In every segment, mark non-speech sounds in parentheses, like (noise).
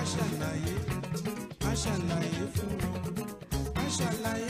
a ṣàlàyé a fún wọn a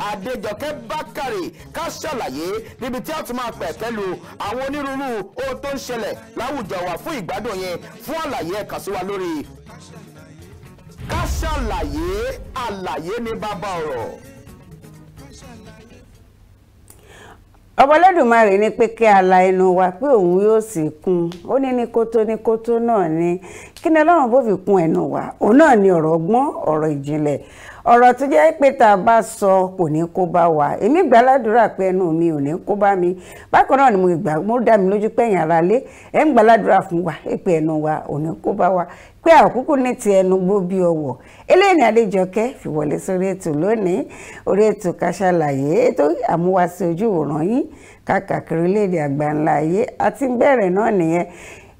adéjọkẹ́ bákàrè ká ṣàlàyé níbi tí a tún máa pẹ̀kẹ́ lu àwọn onírúurú ohun tó ń ṣẹlẹ̀ láwùjọ wa fún ìgbádùn yẹn fún àlàyé ẹ sí wa lórí ká ṣàlàyé àlàyé ní bàbá ọ̀rọ̀. ọbọlẹ́dùnmarè ní pé kí a la ẹnu wa pé òun yóò sì kún ó ní ní kótó ní kótó náà ni kí ni ọlọ́run bó fi kún ẹnu wa òun náà ni ọ̀rọ̀ ọgbọ́n ọ̀rọ̀ ìjìnlẹ̀ ọ̀rọ̀ tó jẹ́ pé tá a bá sọ kò ní kó bá wa èmi gbà ládùúrà pé ẹnu mi ò ní kó bá mi bákan náà ni mo gbà mo dá mi lójú pé ẹ̀yin aráalé ẹ̀ ń gbà ládùúrà fún wa pé ẹnu wa ò ní kó bá wa pé àkókò ní ti ẹnu gbó bí ọwọ́ eléyìí ni Adéjọkẹ́ fi wọlé sórí ètò lónìí orí ètò Ká Sálàyé ètò àmúwáṣe ojú ìwòran yín káàkiri léde àgbáńlá ayé àti bẹ̀rẹ̀ náà nìyẹn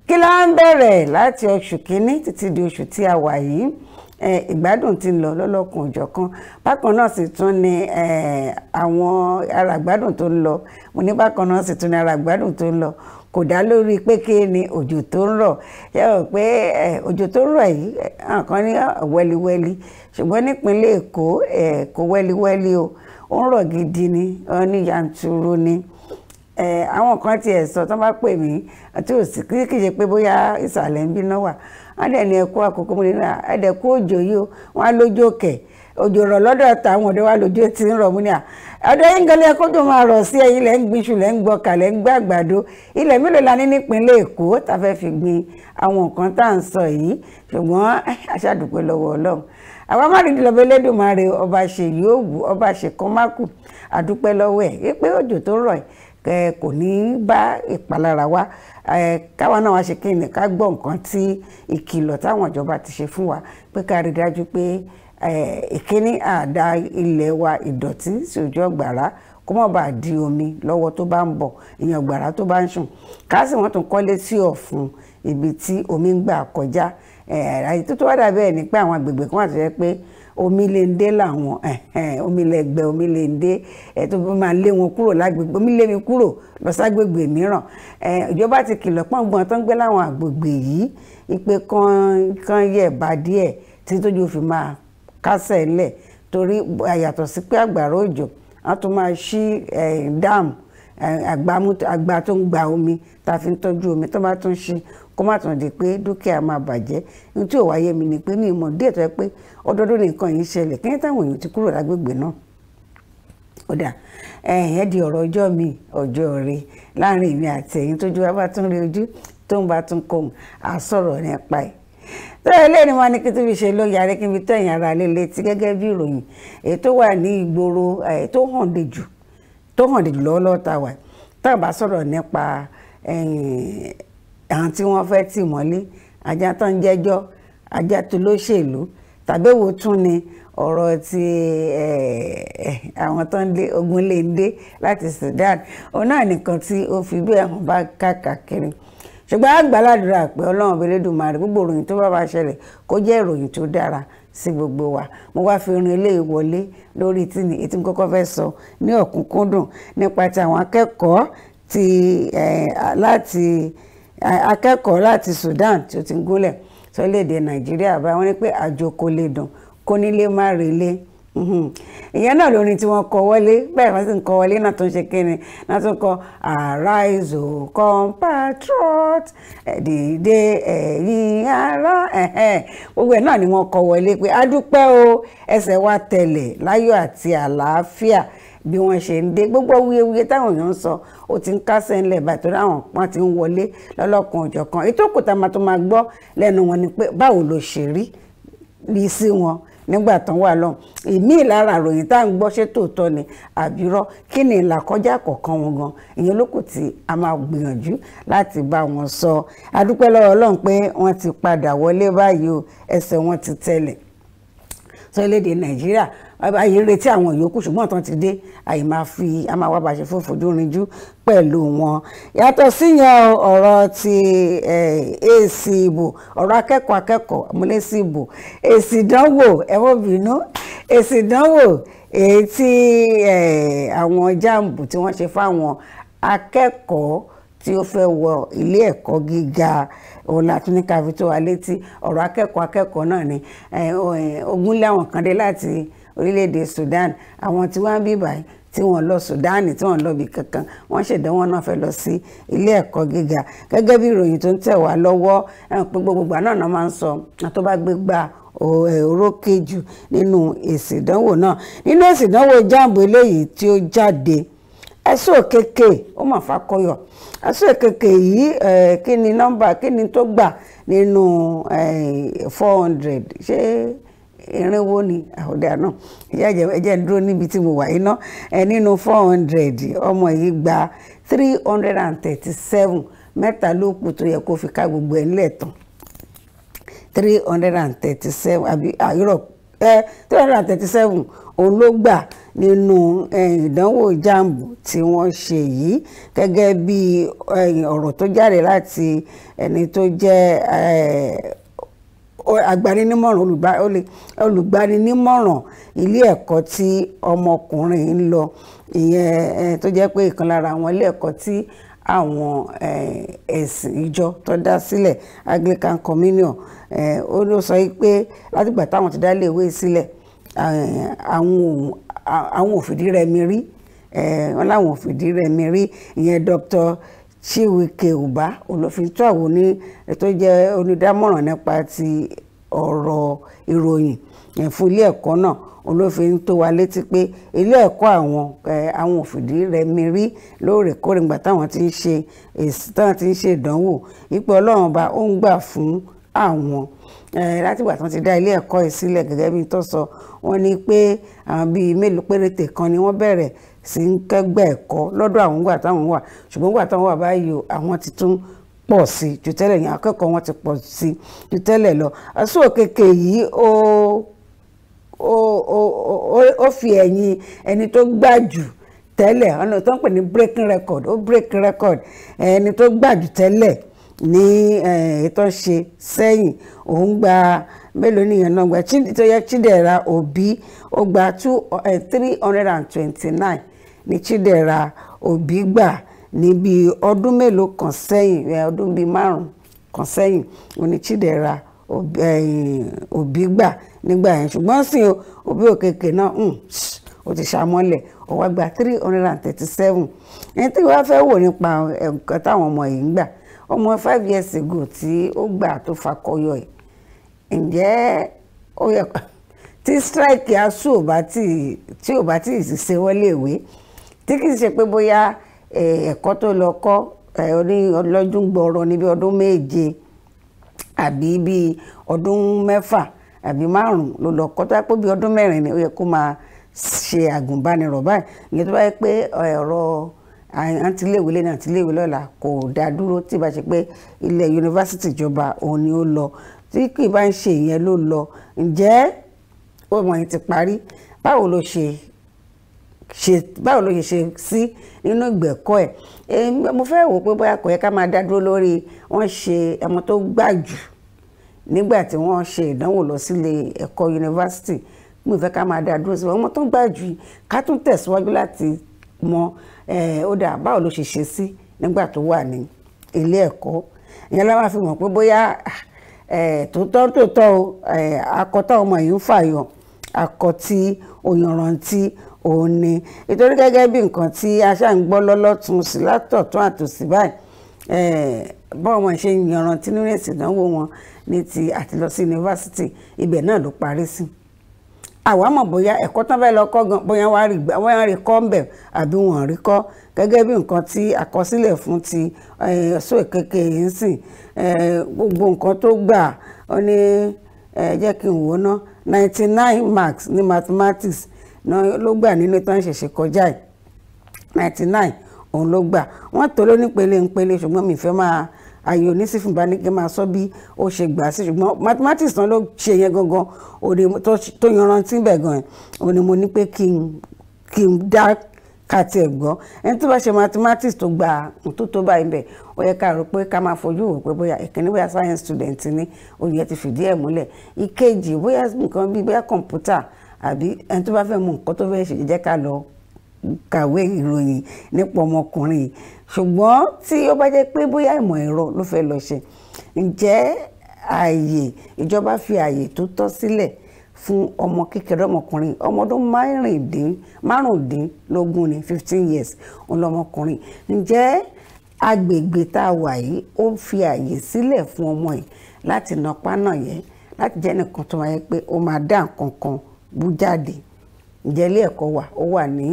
kí la ń bẹ̀rẹ̀ láti oṣù kínní títí di oṣù tí a wà yìí ìgbádùn ti lọ lọ́lọ́kùn òjọ̀kan bákan náà sì tún ni àwọn ara ìgbádùn tó ń lọ mo ní bákan náà sì tún ni ara ìgbádùn tó ń lọ kò dá lórí pé kí ni òjò tó ń rọ̀ ṣé o pé òjò tó ń rọ̀ yìí nǹkan ní ah, wẹ́liwẹ́li ṣùgbọ́n nípínlẹ̀ Èkó kò wẹ́liwẹ́li o ó ń rọ̀ gidi ni ó ní yanturu ni àwọn kan tiẹ̀ sọ tó bá pè mí tí kì í ṣe pé bóyá ìsàlẹ̀ ń bínú wà wọ́n ní ẹ̀kọ́ àkókò mo ní ah, ẹ̀dẹ̀ kó òjò yìí o wọ́n á lójú òkè òjò rọ̀ lọ́dọ̀ táwọn ọ̀dọ́ wa lójú ti ń rọ̀ mú ni à ah, ọ̀dọ̀ yín gan lẹ́yìn kójò máa rọ̀ sí ẹ̀yin lẹ́ ń gbinṣu lẹ́ ń gbọ́kà lẹ́ ń gbé àgbàdo ilẹ̀ mélòó la ní nípínlẹ̀ Èkó tá fẹ́ fi gbin àwọn nǹkan tá à ń sọ yìí ṣùgbọ́n aṣáàdùpẹ́ lọ́wọ́ Ọlọ́run àwa má rí lọ́bẹ̀ lẹ́dùnmáre ọba ṣèyí òwú ọba ṣèkọ́mákù àdúpẹ́ lọ́wọ́ ẹ̀ wípé òjò tó rọ̀ kò ní bá ìpalára wa káwa náà wá ṣe kí ni ká gbọ́ nǹkan tí ìkìlọ̀ táwọn ìjọba ti ṣe fún wa pé ká rí dájú pé ìkíní àdá ilẹ̀ wa ìdọ̀tí sí ojú ọ̀gbàrá kó má bàa di omi lọ́wọ́ tó bá ń bọ̀ ìyẹn ọ̀gbàrá tó bá ń sùn ká sì wọ́n tún kọ́lé sí ọ̀fun ibi tí omi ń gbà kọjá àyè tó tó wá dà bẹ́ẹ̀ ni pé àwọn agbègbè kan wà tó pé omilende làwọn omilẹgbẹ omilende ẹ tó bá máa lé wọn kúrò lágbègbè omilé mi kúrò lọ ságbègbè mìíràn ìjọba ti kìlọ̀ pọ́ngbọ́n tó ń gbé láwọn àgbègbè yìí ipe kan yẹ̀ bá díẹ̀ tí tójú fi máa kásẹ̀ lẹ̀ torí àyàtọ̀ sí pé àgbàrá òjò wọ́n tún máa ṣí dáàmù àgbà tó ń gba omi tá a fi ń tọ́jú omi tó bá tún ṣí kó má tún di pé dúkìá máa bàjẹ́ ohun tí ò wáyé mi ni pé ní ìmọ̀ díẹ̀ tó yẹ pé ọdọọdún nìkan yìí ṣẹlẹ̀ kí ní táwọn ti kúrò lágbègbè náà kódà ẹ̀yìn di ọ̀rọ̀ ọjọ́ mi ọjọ́ rẹ láàrin èmi àti ẹ̀yìn bá tún rí ojú tó ń bá tún á sọ̀rọ̀ ẹ̀ lẹ́ni ní kí tó ṣe yàrá kí àwọn tí wọ́n fẹ́ tì mọ́lé ajá tó ń jẹ́jọ́ ajá tó lóṣèlú tàbẹ́wò tún ni ọ̀rọ̀ ti àwọn tó ń lé ogun lè dé láti Sudan òun náà nìkan tí ó fi bẹ́ẹ̀ hàn bá káàkiri ṣùgbọ́n àgbàládùra pé ọlọ́run Olódùmarè gbogbo ìròyìn tó bá wá ṣẹlẹ̀ kó jẹ́ ìròyìn tó dára sí gbogbo wa mo wá fi rin eléyìí wọlé lórí tí ni ètí mo kọ́kọ́ fẹ́ sọ ní ọ̀kúnkúndùn nípa ti àwọn akẹ́kọ̀ọ́ ti láti akẹ́kọ̀ọ́ láti Sudan tí ti ń gúnlẹ̀ sọ́lẹ̀dẹ̀ Nàìjíríà bá wọn ní pé àjò kò lè dùn kó nílé má relé ìyẹn náà lórin tí wọ́n kọ wọlé bẹ́ẹ̀ wọ́n sì ń kọ wọlé náà tó ń ṣe kíni náà tó kọ arise o compatriot dìde ẹ̀yin ará gbogbo ẹ̀ náà ni wọ́n kọ wọlé pé a dúpẹ́ o ẹsẹ̀ wa tẹ̀lẹ̀ láyọ̀ àti àlàáfíà bí wọ́n ṣe ń dé gbogbo wuyewuye táwọn èèyàn ń sọ ó ti ń kásẹ̀ ńlẹ̀ bàtò láwọn pọ́n ti ń wọlé lọ́lọ́kan òjọ̀ kan ètò òkúta máa tó máa gbọ́ lẹ́nu wọn ni pé báwo ló ṣe rí rí sí wọn nígbà tán wà lọ ìmí ìlara àròyìn tá à ń gbọ́ ṣé tòótọ́ ni àbírọ́ kí ni ìlàkọjá kọ̀ọ̀kan wọn gan ìyẹn ló kù tí a máa gbìyànjú láti bá wọn sọ adúpẹ́ lọ́wọ́ ọlọ́run pé wọ́n ti padà wọlé báyìí o ẹsẹ̀ wọn ti tẹ̀lẹ̀ sọ elédè nàìjíríà àyè retí àwọn yòókù ṣùgbọ́n tán ti dé àyè máa fi a máa wá bá ṣe fún fojú rinjú pẹ̀lú wọn. yàtọ̀ síyẹn ọ̀rọ̀ ti èsì ìbò ọ̀rọ̀ akẹ́kọ̀ọ́ akẹ́kọ̀ọ́ àmúlẹ́sì ìbò èsì ìdánwò ẹ̀wọ̀n bínú èsì ìdánwò èyí tí àwọn jáàmù tí wọ́n ṣe fáwọn akẹ́kọ̀ọ́ tí ó fẹ́ wọ ilé ẹ̀kọ́ gíga òun la tún ní ká fi tó wa létí ọ̀rọ̀ akẹ́kọ̀ọ́ akẹ́kọ̀ọ́ náà ni ogún láwọn kan dé láti orílẹ̀-èdè Sudan àwọn tí wọ́n bí báyìí tí wọ́n lọ Sudan tí wọ́n lọ bí kankan wọ́n ṣèdánwò náà fẹ́ lọ sí ilé ẹ̀kọ́ gíga gẹ́gẹ́ bí ìròyìn tó ń tẹ̀ wá lọ́wọ́ pé gbogbogbà náà náà máa ń sọ tó bá gbé gbà orókè jù nínú èsì ìdánwò náà nínú èsì ìdánwò jamb eléyìí tí ó jáde ẹsùn òkèké ó mà fàkọyọ ẹsùn òkèké yìí kí ni nọ́mbà kí ni tó gbà nínú four hundred ṣé irínwó ni ọ̀dà náà ìyá ẹ̀jẹ̀ ń dúró níbi tí mo wà yìí ẹ nínú four hundred ọmọ yìí gba three hundred and thirty seven mẹ́ta ló kù tó yẹ kó fi ká gbogbo ẹ̀ ńlẹ̀ tán three hundred and thirty seven àbí àyúrọ̀ ẹ three hundred and thirty seven òun ló gbà nínú ìdánwò jamb tí wọ́n ṣe yìí gẹ́gẹ́ bí ọ̀rọ̀ tó jáde láti ẹni tó jẹ́ agbaninímọ̀ràn olùgbaninímọ̀ràn ilé ẹ̀kọ́ tí ọmọkùnrin ń lọ ìyẹn tó jẹ́ pé ìkan lára àwọn ilé ẹ̀kọ́ tí àwọn ẹ̀sìn ìjọ tó dá sílẹ̀ Anglican Communion ó ló sọ pé látìgbà táwọn ti dá iléèwé sílẹ̀ àwọn òfìdí rẹmi rí wọn láwọn òfìdí rẹmi rí ìyẹn Dr. Chiwike Ubah olófintó àwọn ní tó jẹ́ onídámọ̀ràn nípa ti ọ̀rọ̀ ìròyìn fún ilé ẹ̀kọ́ náà olófin tó wa létí pé ilé ẹ̀kọ́ àwọn àwọn òfìdí rẹmi rí lóòrèkóòrè nígbà táwọn ti ń ṣe èsì táwọn ti ń ṣe ìdánwò wípé ọlọ́run ọba ó ń gbà fún àwọn láti ìgbà tí wọ́n ti dá ilé ẹ̀kọ́ yìí sílẹ̀ gẹ́gẹ́ bí tó sọ wọ́n ní pé àwọn bíi mélòó péréte kan ni wọ́n bẹ̀rẹ̀ sí ń kẹ́gbẹ́ ẹ̀kọ́ lọ́dọ̀ àwọn ìgbà táwọn wà ṣùgbọ́n ìgbà táwọn wà báyìí o àwọn ti tún pọ̀ sí i ju tẹ́lẹ̀ yẹn akẹ́kọ̀ọ́ wọn ti pọ̀ sí ju tẹ́lẹ̀ lọ àṣù òkèké yìí ó ó ó ó fi ẹ̀yìn ẹni tó gbà jù tẹ́lẹ̀ ọ̀nà tó ń pè ní breaking record ó breaking record ẹni tó gbà jù tẹ́lẹ̀ ní ètò ṣe sẹ́yìn òun gba mélòó nìyẹn náà gba Chidera Obi ó gba two three hundred and twenty nine Ni Chidera Obi gbà ní bíi ọdún mélòó kan sẹ́yìn ọdún bíi márùn kan sẹ́yìn òní Chidera Obi gbà nígbà yẹn ṣùgbọ́n sìn o Obi Okeke náà ó ti ṣàmọ́lẹ̀ ó gba three hundred and thirty seven ẹni tí wọ́n fẹ́ wò nípa nǹkan táwọn ọmọ yìí ń gbà ọmọ five years ago tí ó gbà tó fakọyọ ẹ̀ ǹjẹ́ ó yẹ tí strike asu ò bá tí ò bá ṣe wọlé ìwé tí kì í ṣe pé bóyá ẹ̀kọ́ tó lọ kọ́ ní ọlọ́dún gbọ́rọ̀ níbi ọdún méje àbí bíi ọdún mẹ́fà àbí márùn-ún ló lọ kọ́ tó yẹ pé bíi ọdún mẹ́rin ni ó yẹ kó máa ṣe àgùnbánirọ̀ báyìí ìyẹn tó bá yẹ pé ọ̀rọ̀ àǹtíléèwé lẹ́nu àǹtíléèwé lọ́la kò dá dúró tí ìbá ṣe pé ilẹ̀ yunifásitì ìjọba òun ni ó lọ tí kì í bá ń ṣe ìyẹn ló lọ ǹjẹ́ ọmọ yẹn ti parí báwo ló ṣe ṣe báwo ló ṣe ṣe sí nínú ìgbẹ́kọ̀ ẹ̀ mo fẹ́ wò pé bóyá kò yẹ ká máa dá dúró lórí wọ́n ṣe ọmọ tó gbà jù nígbà tí wọ́n ṣe ìdánwò lọ sílé ẹ̀kọ́ yunifásitì mo fẹ́ ká máa dá dúró sí ọmọ tó gbà jù ká tún tẹ̀síwájú láti mọ ó dà báwo ló ṣe ṣe sí nígbà tó wà ní ilé ẹ̀kọ́ ìyẹn la fi mọ̀ pé bóyá tòótọ́ tòótọ́ akọ táwọn ọmọ yìí ń fàyọ̀ akọ tí òyìnrántí òun ni nítorí gẹ́gẹ́ bí nǹkan tí aṣá ń gbọ́ lọ́lọ́tún sí látọ̀tún àtòsí báyìí bọ́ọ̀ ṣe ń yanrantí nínú èsì wọn ní ti àti lọ sí yunifásitì ibẹ̀ náà ló parí sí àwa mọ̀ bóyá ẹ̀kọ́ tán fẹ́ lọ kọ́ gan bóyá wọ́n rí kọ́ ń bẹ̀ àbí wọ́n rí kọ́ gẹ́gẹ́ bí nǹkan tí àkọsílẹ̀ fún ti ọ̀ṣọ́ ìkẹ́kẹ́ yìí ń sìn gbogbo nǹkan tó gbà ó ní jẹ́ kí n wò ná ninety nine marks ní mathematics ló gbà nílé tó ń ṣẹ̀ṣẹ̀ kọjá yìí ninety nine òun ló gbà wọ́n tó ló nípele nípele ṣùgbọ́n mi fẹ́ máa ààyè onísìfún bá ní kí n máa sọ bí ó ṣe gbà sí ṣùgbọ́n mathematics náà ló ṣe yẹn gangan òní tó yanrantí bẹ̀ gan yẹn òní mo ní pé kí n kí n dá kàti ẹ̀ gbọ́ ẹni tó bá ṣe mathematics tó gba òtún tó báyìí bẹ̀ ó yẹ ká rò pé ká máa fojú wò pé bóyá ìkíní bóyá science student ni oyè ti fìdí ẹ̀ múlẹ̀ ìkejì bóyá nǹkan bíi bóyá computer àbí ẹni tó bá fẹ́ mọ nǹkan tó fẹ́ ṣe jẹ́ ká lọ kàwé ìròyìn nípa ọmọkùnrin ṣùgbọ́n tí ó bá jẹ́ pé bóyá ìmọ̀ ẹ̀rọ ló fẹ́ lọ ṣe ǹjẹ́ ààyè ìjọba fi ààyè tó tọ́ sílẹ̀ fún ọmọ kékeré ọmọkùnrin ọmọ ọdún márùndínlógún ní fifteen years ọlọmọkùnrin ǹjẹ́ agbègbè tá a wà yìí ó fi ààyè sílẹ̀ fún ọmọ yìí láti nà pánà yẹn láti jẹ́ nìkan tó wáyé pé ó máa dá nǹkan kan bú jáde ǹjẹ́ ilé ẹ̀kọ́ wa ó wà ní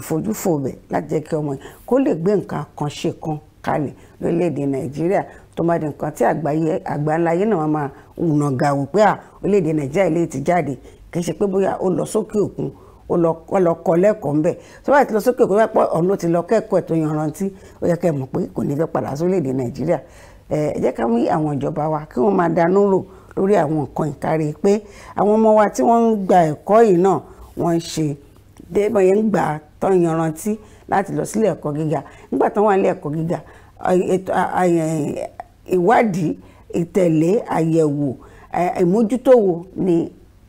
ìfojúfò bẹ̀ láti jẹ́ kí ọmọ yìí kó lè gbé nǹkan kan ṣe kan kalẹ̀ lórílẹ̀‐èdè nàìjíríà tó máa di nǹkan tí àgbáńláyé náà máa wùnà gàwó pé à orílẹ̀‐èdè nàìjíríà ilé ti jáde kì í ṣe pé bóyá ó lọ sókè òkun ó lọ kọ́ lẹ́kọ̀ọ́ ńbẹ̀ tó bá ti lọ sókè òkun pẹ́ ọ̀hún ló ti lọ kẹ́kọ̀ọ́ ẹ̀ yanrantí ó yẹ kẹ́ mọ̀ pé kò ní fẹ́ padà sórílẹ̀‐èdè nàìjíríà ẹ jẹ́ ká mú àwọn ìjọba wa kí wọ́n máa danú lórí àwọn nǹkan ìkárí pé àwọn ọmọ wa tí wọ́n ń gba ẹ̀kọ́ yìí náà wọ́n ń ṣe débọn yẹn ń gbà tán yanrantí láti lọ sílé ẹ̀kọ́ gíga nígbà tán wà nílé ẹ̀kọ́ gíga ìwádìí ìtẹ̀lé àyẹ̀wò ìmójútó ni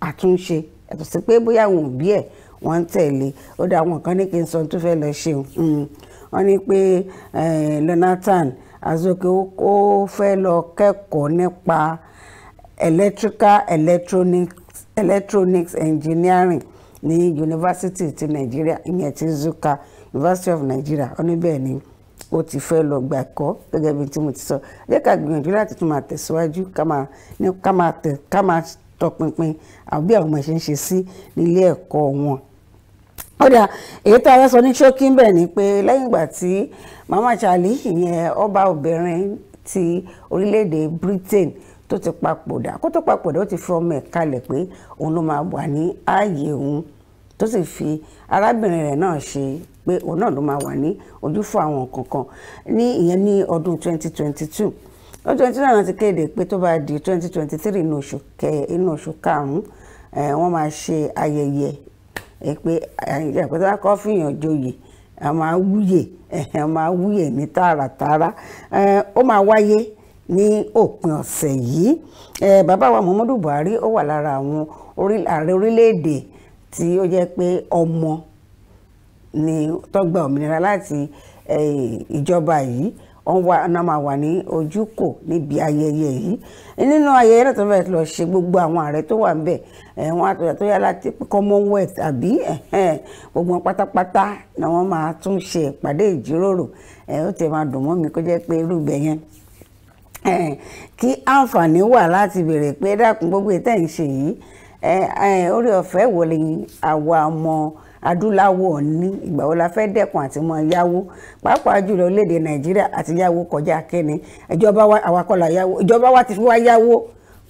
àtúnṣe yàtọ̀ sí pé bóyá àwọn òbí ẹ̀ wọ́n ń tẹ̀lé ó dá àwọn kan ní kí n sọ tó fẹ́ lọ ṣe hmm. wọ́n ní pé Lonatan Azoke ó fẹ́ lọ kẹ́kọ̀ọ́ nípa electrical electronics electronics engineering ní yunifásitì ti nàìjíríà ìyẹn ti Zuka University of Nigeria ó ní bẹ́ẹ̀ ni ó ti fẹ́ lọ gbà kọ́ gẹ́gẹ́ bí tí mo ti sọ jẹ́ ká gbìyànjú láti tún máa tẹ̀síwájú ká máa ní ká máa tẹ̀ ká máa tọpinpin àwọn bí àwọn ọmọ ṣe ń ṣe sí nílé ẹ̀kọ́ wọn. ó dà èyí tá a fẹ́ sọ ní ṣókí ń bẹ̀ ni pé lẹ́yìn ìgbà tí Mama Charlie ìyẹn ọba obìnrin ti orílẹ̀-èdè Britain tó ti papòdà kó tó papòdà ó ti fi ọmọ ẹ̀ kalẹ̀ pé òun ló máa wà ní ààyè òun tó sì fi arábìnrin rẹ̀ náà ṣe pé òun náà ló máa wà ní ojúfò àwọn nǹkan ní ìyẹn ní ọdún 2022 ọdún 2022 náà ti kéde pé tó bá di 2023 inú oṣù kẹ inú oṣù karùn-ún wọ́n máa ṣe ayẹyẹ pé àyẹ̀pẹ̀tà kọ́fìyàn joyè a máa wúyè a máa wúyè ní tààràtààrà ó máa wáyé ní òpin ọ̀sẹ̀ yìí bàbá wa Muhammadu Buhari ó wà lára àwọn ààrẹ orílẹ̀-èdè tí ó jẹ́ pé ọmọ ni tó gba òmìnira láti ìjọba yìí ọ̀nà máa wà ní ojúkò níbi ayẹyẹ yìí nínú ayẹyẹ náà tó fẹ́ lọ ṣe gbogbo àwọn ààrẹ tó wà ńbẹ̀ wọn àtọ̀yà tó yá láti commonwealth àbí gbogbo wọn pátápátá ni wọ́n máa tún ṣe ìpàdé ìjíròrò ó ti máa dùn mọ́ mi kó jẹ́ pé irú yẹn kí àǹfààní wà láti béèrè pé dákun gbogbo ìtẹ́ ń ṣe yìí orí ọ̀fẹ́ wo lè àwa ọmọ adúláwọ̀ ní ìgbà wo la fẹ́ dẹ́kun àti mọ yáwó pàápàá jùlọ orílẹ̀-èdè nàìjíríà àti yáwó kọjá kẹ́ni ìjọba wa àwakọ̀là yáwó ìjọba wa ti fi wá yáwó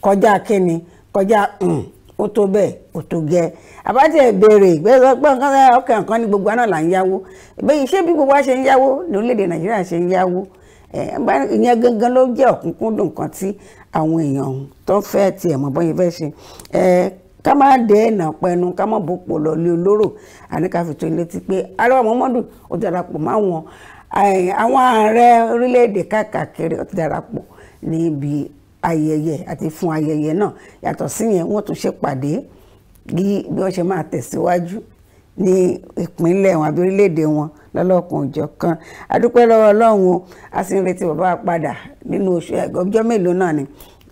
kọjá kẹ́ni kọjá ó tó bẹ́ẹ̀ ó tó gẹ́ àbájá ìbéèrè ìgbésọ pé nǹkan ọkàn kan ní gbogbo àná là ń yáwó ìbéyìí ṣé bí gbogbo wa ṣe ń yáwó ní orílẹ̀-èdè nàìjíríà ṣe ń yáwó ìyẹn gangan ló jẹ́ ọ̀kúnkúndùn kan tí àwọn èèyàn tó ń fẹ́ tiẹ̀ mọ̀ bọ́yẹn fẹ́ ṣe ká má dé ẹ̀nà pẹnu ká má bò pò lọ lé olóró àní ká fi tó létí pé Ààrẹ Muhammadu ó darapọ̀ máwọn àwọn ààrẹ orílẹ̀-èdè káàkiri ó darapọ̀ níbi ayẹyẹ àti fún ayẹyẹ náà yàtọ̀ síyẹn wọ́n tún ṣèpàdé bí wọ́n ṣe máa tẹ̀síwájú ní ìpínlẹ̀ wọn àbí orílẹ̀-èdè wọn lọ́lọ́kan òjọ̀ kan adúpẹ́ lọ́wọ́ ọlọ́run o a sì ń retí bàbá padà nínú oṣù eh, ọjọ́ mélòó náà ni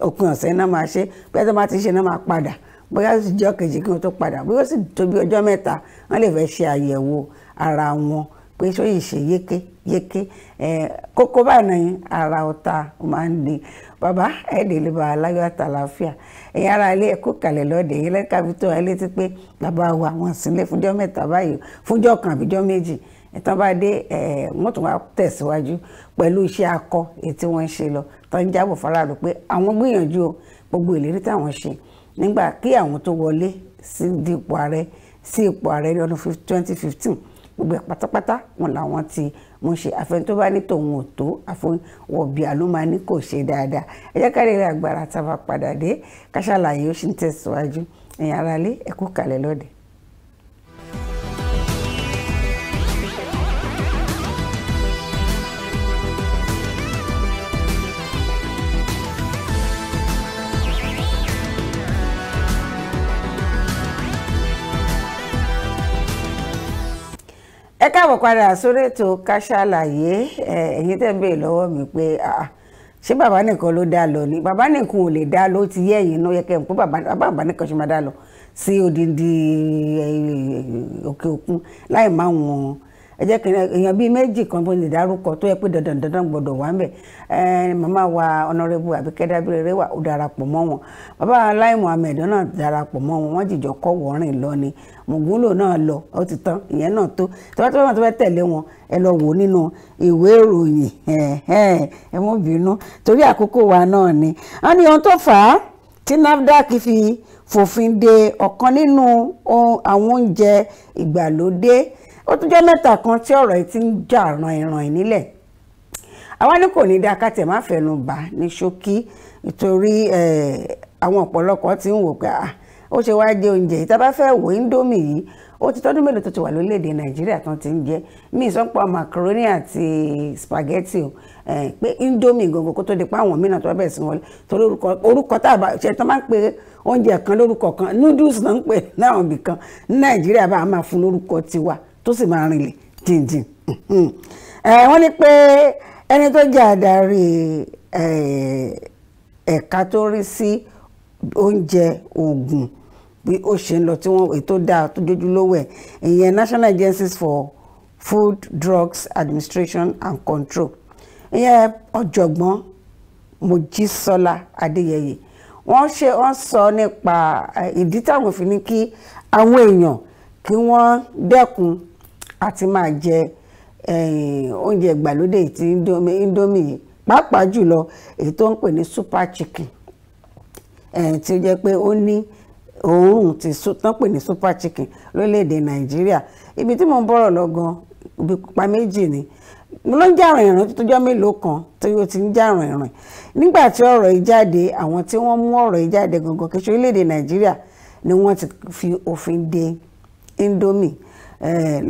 òpin ọ̀sẹ̀ náà máa ṣe bẹ́ẹ̀ tó máa ti ṣe náà máa padà bóyá ó sì jẹ́ kejì kí wọ́n tó padà bóyá ó sì tóbi ọjọ́ mẹ́ta wọ́n lè fẹ́ ṣe àyẹ̀wò ara wọn pé ṣó yìí ṣe yéké yéké eh, kókó báyìí ara ọ̀tá máa ń le bàbá ẹ̀ẹ́dẹ̀ lè bá aláyọ̀ àtàlàáfíà ẹ̀yin ara ilé ẹ̀kọ́ kalẹ̀ lọ́dẹ̀ yìí lẹ́ka fi tó ẹ létí pé bàbá wa wọn sílé fúnjọ́ mẹ́ta báyìí fúnjọ́ kan àbíjọ́ méjì tó bá dé wọ́n tún wá tẹ̀síwájú pẹ̀lú iṣẹ́ akọ èyí tí wọ́n ń ṣe lọ tó ń jábọ̀ faraàlú pé àwọn gbìyànjú gbogbo ìlérí táwọn ṣe nígbà kí àwọn tó wọlé sí ipò ààrẹ sí ipò ààrẹ ní ọdún twenty fifteen gbogbo ẹ̀ pátápátá wọn làwọn ti mú ṣe àfẹn tó bá ní tòun ò tó àfọwọ́bíà ló máa ní kò ṣe dáadáa ẹ jẹ́ ká rí tá a bá padà dé ká ó sì ń tẹ̀síwájú ẹ̀yin aráalé ẹ kalẹ̀ lọ́dẹ. káàbọ̀ padà sórí ètò Ká Sálàyé ẹ̀yin ń béèrè lọ́wọ́ mi pé ṣé bàbá nìkan ló dá lọ ni bàbá nìkan ò lè dá lọ ti yé ẹ̀yin náà yẹ kẹ́ ẹ̀ pé bàbá nìkan ṣe máa dá lọ sí odindi òkè òkun láì má wọn ẹ jẹ́ kí èèyàn bíi méjì kan bó lè dárúkọ tó yẹ pé dandan dandan gbọ́dọ̀ wà ńbẹ̀ màmá wa ọ̀nàrẹ́bù Àbíkẹ́ Dábíréré wà ó darapọ̀ mọ́ wọn bàbá Láì Muhammed náà darapọ̀ mọ́ wọn wọ́n jìjọ kọ́ wọ́rin lọ ni mùgúnlò náà lọ ó ti tán ìyẹn náà tó tọ́wọ́tọ́wọ́ náà tó fẹ́ tẹ̀lé wọn ẹ lọ wò nínú ìwé ìròyìn ẹ mú bínú torí àkókò wa náà ni wọ́n ní ohun tó fà á tí NAFDAC fi fòfin de ọ̀kan nínú àwọn oúnjẹ ìgbàlódé ó tún jẹ́ mẹ́ta kan tí ọ̀rọ̀ yìí ti ń jà ràn-ìràn nílẹ̀ àwa ní kò ní dáa ká tẹ̀ má fẹnu bà ní ṣókí nítorí àwọn ọ̀pọ̀lọpọ̀ ti ń wò pé ah, ó ṣe wá jẹ oúnjẹ ìta bá wò índómì yìí ó ti tọ́dún mélòó tó ti wà lórílẹ̀‐èdè nàìjíríà tán ti ń jẹ míì sọ pé macaroni àti spaghetti o pé índómì gbogbo kó tó di pa àwọn mìíràn tó bẹ̀rẹ̀ sí wọlé torí orúkọ tá a bá ṣe tán máa ń pe oúnjẹ kan lórúkọ kan noodles náà ń pè (laughs) náà bìkan nàìjíríà bá a máa fún lórúkọ tiwa tó sì máa rìnlẹ̀ jìnjìn hmm. wọ́n ní pé ẹni tó jẹ́ adarí ẹ̀ka tó rí sí oúnjẹ oògùn bí ó ṣe ń lọ tí wọ́n ètò dáa tó dójúlówó ẹ̀ ìyẹn National Agencies for Food Drugs Administration and Control ìyẹn ọ̀jọ̀gbọ́n Mojísọ́lá Adéyẹyẹ wọ́n ṣe wọ́n sọ nípa ìdí táwọn fi ní kí àwọn èèyàn kí wọ́n dẹ́kun àti máa jẹ eh, oúnjẹ ìgbàlódé ti indomie yìí pàápàá jùlọ èyí tó ń pè ní super chicken eh, tí ó jẹ́ pé ó ní òórùn tí tán pè ní super chicken lórílẹ̀‐èdè nàìjíríà ibi tí mo ń bọ̀rọ̀ lọ gan ibi pupa méjì ni mo ló ń jàrùn ìrìn tó jọ́ mélòó kan tí ó ti ń jàrùn ìrìn nígbà tí ọ̀rọ̀ yìí jáde àwọn tí wọ́n mú ọ̀rọ̀ yìí jáde gangan kìí ṣe orílẹ̀ nàìjíríà ni wọ́n ti fi òfin de indomie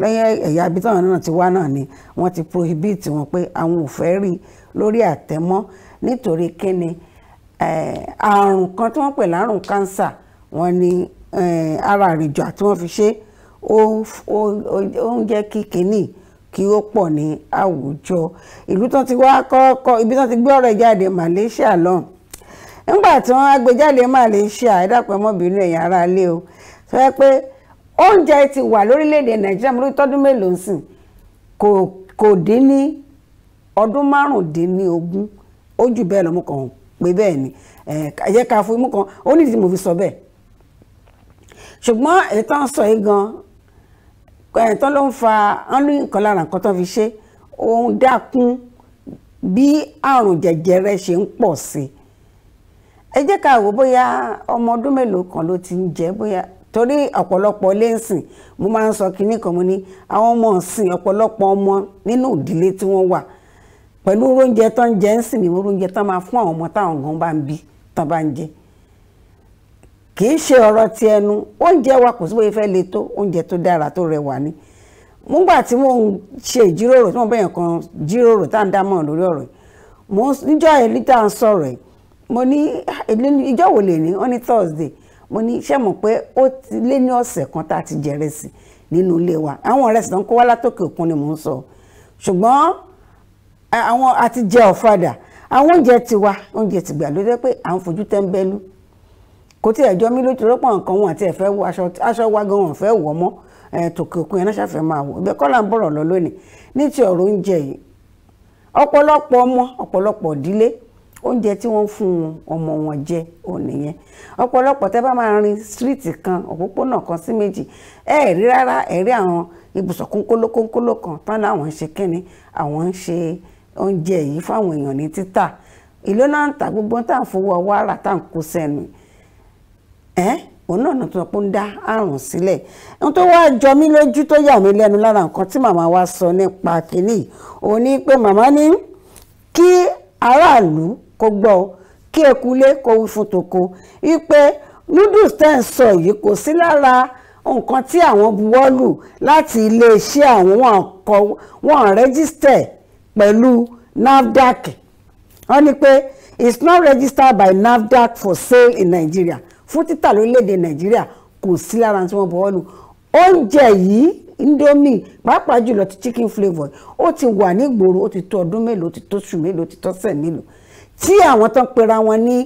lẹ́yìn ẹ̀yà ibi táwọn náà ti wá náà ni wọ́n ti prohibit wọn pé àwọn ò fẹ́ rí lórí àtẹ́mọ́ nítorí kíni àrùn kan tí wọ́n pè lárùn kánsà wọ́n ní ara àrìjọ àti wọ́n fi ṣe ó ń kí ó pọ̀ ní àwùjọ ìlú tó ti wá kọ́kọ́ ibi tó ti gbé ọ̀rọ̀ jáde Malaysia lọ́hùn nígbà tí wọ́n á gbé jáde Malaysia ẹ dápẹ́ mọ́bìnrin ẹ̀yà ara lé o sọ pé oúnjẹ ti wà lórílẹ̀‐èdè nàìjíríà mo rí mélòó sìn kò kò dín ní ọdún márùndínlógún ó jù bẹ́ẹ̀ lọ́mú kan kàn pé bẹ́ẹ̀ ni ẹ̀jẹ̀ ká fún imú kan ó ní ìdí mo fi sọ bẹ́ẹ̀ ṣùgbọ́n èyí tó sọ yìí gan èyí tó ló ń fa ọ́n ní nǹkan lára nǹkan tó fi ṣe òun dákún bí àrùn jẹjẹrẹ ṣe ń pọ̀ sí ẹ jẹ́ ká wò bóyá ọmọ ọdún mélòó kan ló ti ń jẹ bóyá torí ọ̀pọ̀lọpọ̀ lẹ́sìn mo máa ń sọ kinní kan mo ní àwọn ọmọ ọ̀sìn ọ̀pọ̀lọpọ̀ ọmọ nínú ìdílé tí wọ́n wà pẹ̀lú oúnjẹ tó ń jẹ ń sìn ní oúnjẹ tó máa fún àwọn ọmọ táwọn gan bá ń bí tó bá ń jẹ kì í ṣe ọ̀rọ̀ ti ẹnu oúnjẹ wa kò sí bóyá fẹ́ le tó oúnjẹ tó dára tó rẹwà ni nígbà tí mo ń ṣe ìjíròrò tí mo bẹ̀yàn kan jíròrò tá à ń dámọ̀ lórí Thursday mo ní ṣé mọ̀ pé ó ti lé ní ọ̀sẹ̀ kan tá a ti jẹ ìrẹsì nínú ilé wa àwọn ìrẹsì tó ń kó wá látòkè òkun ni mò ń sọ ṣùgbọ́n àwọn àti jẹ ọ̀fadà àwọn oúnjẹ tiwa oúnjẹ tìgbà ló jẹ́ pé à ń fojú tẹ́ńbẹ́lú kò tí ẹjọ́ mi lójú rọ́pọ̀ nǹkan wọn àti ẹ̀fẹ́ wo aṣọ wa gan wọn fẹ́ wọ̀ mọ́ tòkè òkun yẹn náà ṣàfẹ́ máa wọ̀ ibẹ̀ kọ́là ń bọ̀rọ̀ lọ lónìí ní ti ọ̀rọ̀ oúnjẹ yìí ọ̀pọ̀lọpọ̀ ọmọ ọ̀pọ̀lọpọ̀ ìdílé oúnjẹ tí wọ́n fún wọn ọmọ wọn jẹ òun nìyẹn ọ̀pọ̀lọpọ̀ tẹ́ bá máa rin stíríìtì kan òpópónà kan sí méjì ẹ rí rárá ẹ rí àwọn ibùsọ̀ kónkóló kónkóló kan tán láwọn ń ṣe kínní àwọn ń ṣe oúnjẹ yìí fáwọn èèyàn ní títà ìlú náà ń ta gbogbo tá à ń fowó ọwọ́ ara tá à ń kó sẹ́nu ẹ òun náà tó pé dá àrùn sílẹ̀ ohun tó wá jọ mí lójú tó yà mí lẹ́nu lára nǹkan tí màmá wa sọ nípa kínní òun ní pé màmá ní kí aráàlú kó gbọ́ ọ kí ekulé kó wí fún tòko wípé noodles tẹ́ ń sọ yìí kò sí lára nǹkan tí àwọn buwọ́lù láti iléeṣẹ́ àwọn wọn rẹ́gísítẹ̀ pẹ̀lú NAFDAC wọ́n ní pé it's not registered by NAFDAC for sale in Nigeria fún títà lórílẹ̀‐èdè Nigeria kò sí lára tí wọ́n buwọ́lù oúnjẹ yìí indomie pàápàá jùlọ ti chicken flavour ó ti wà nígboro ó ti tó ọdún mélòó ó ti tó oṣù mélòó ó ti tó sẹ̀ mélòó tí àwọn tó ń pera wọn ní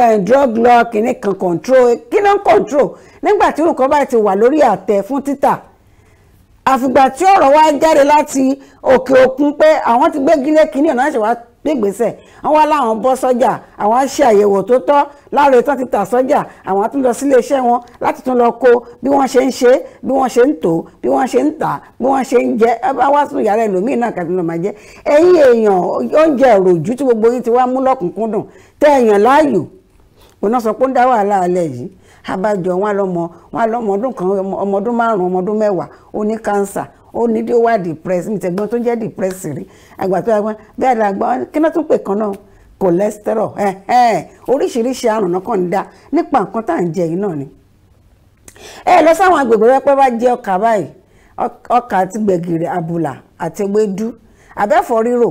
eh, drug law kìíní kan control kìíní control nígbà tí olùkọ́ bá ti wà lórí àtẹ fún títà àfìgbà tí ọ̀rọ̀ wá jáde láti òkè òkun pé àwọn ti gbé gílé kìíní ọ̀nà àṣẹwà gbégbèsè àwọn aláwọn bọ́ sọ́jà àwọn á ṣe àyẹ̀wò tó tọ́ láàárọ̀ ìtàn títà sọ́jà àwọn á tún lọ sílé iṣẹ́ wọn láti tún lọ kó bí wọ́n ṣe ń ṣe bí wọ́n ṣe ń tò bí wọ́n ṣe ń tà bí wọ́n ṣe ń jẹ ẹ bá wá sùn yàrá ẹlòmíì náà kàtí lọ́ọ́ máa jẹ ẹ̀yin èèyàn oúnjẹ òròjú tí gbogbo yìí ti wá mú lọ́kùnkúndùn tẹ èèyàn láàyò òun náà sọ pé ó ń dá wàhálà alẹ́ yìí abájọ wọn lọmọ wọn lọmọ ọdún kan ọmọ ọdún márùn ọmọ ọdún mẹ́wàá ó ní káńsà ó ní ó wà depressed mi tẹ̀gbọ́n tó ń jẹ́ depressed rí àgbà tó yàgbọ́n bẹ́ẹ̀ ni àgbà kí náà tún pè kan náà cholesterol oríṣiríṣi àrùn náà kàn ń dá nípa nǹkan tá à ń jẹ yìí náà ni. ẹ lọ sáwọn agbègbè rẹpẹ bá jẹ ọkà báyìí ọkà àti gbẹ̀gìrì àbùlà àti ewédú àbẹ́fọ́ rírò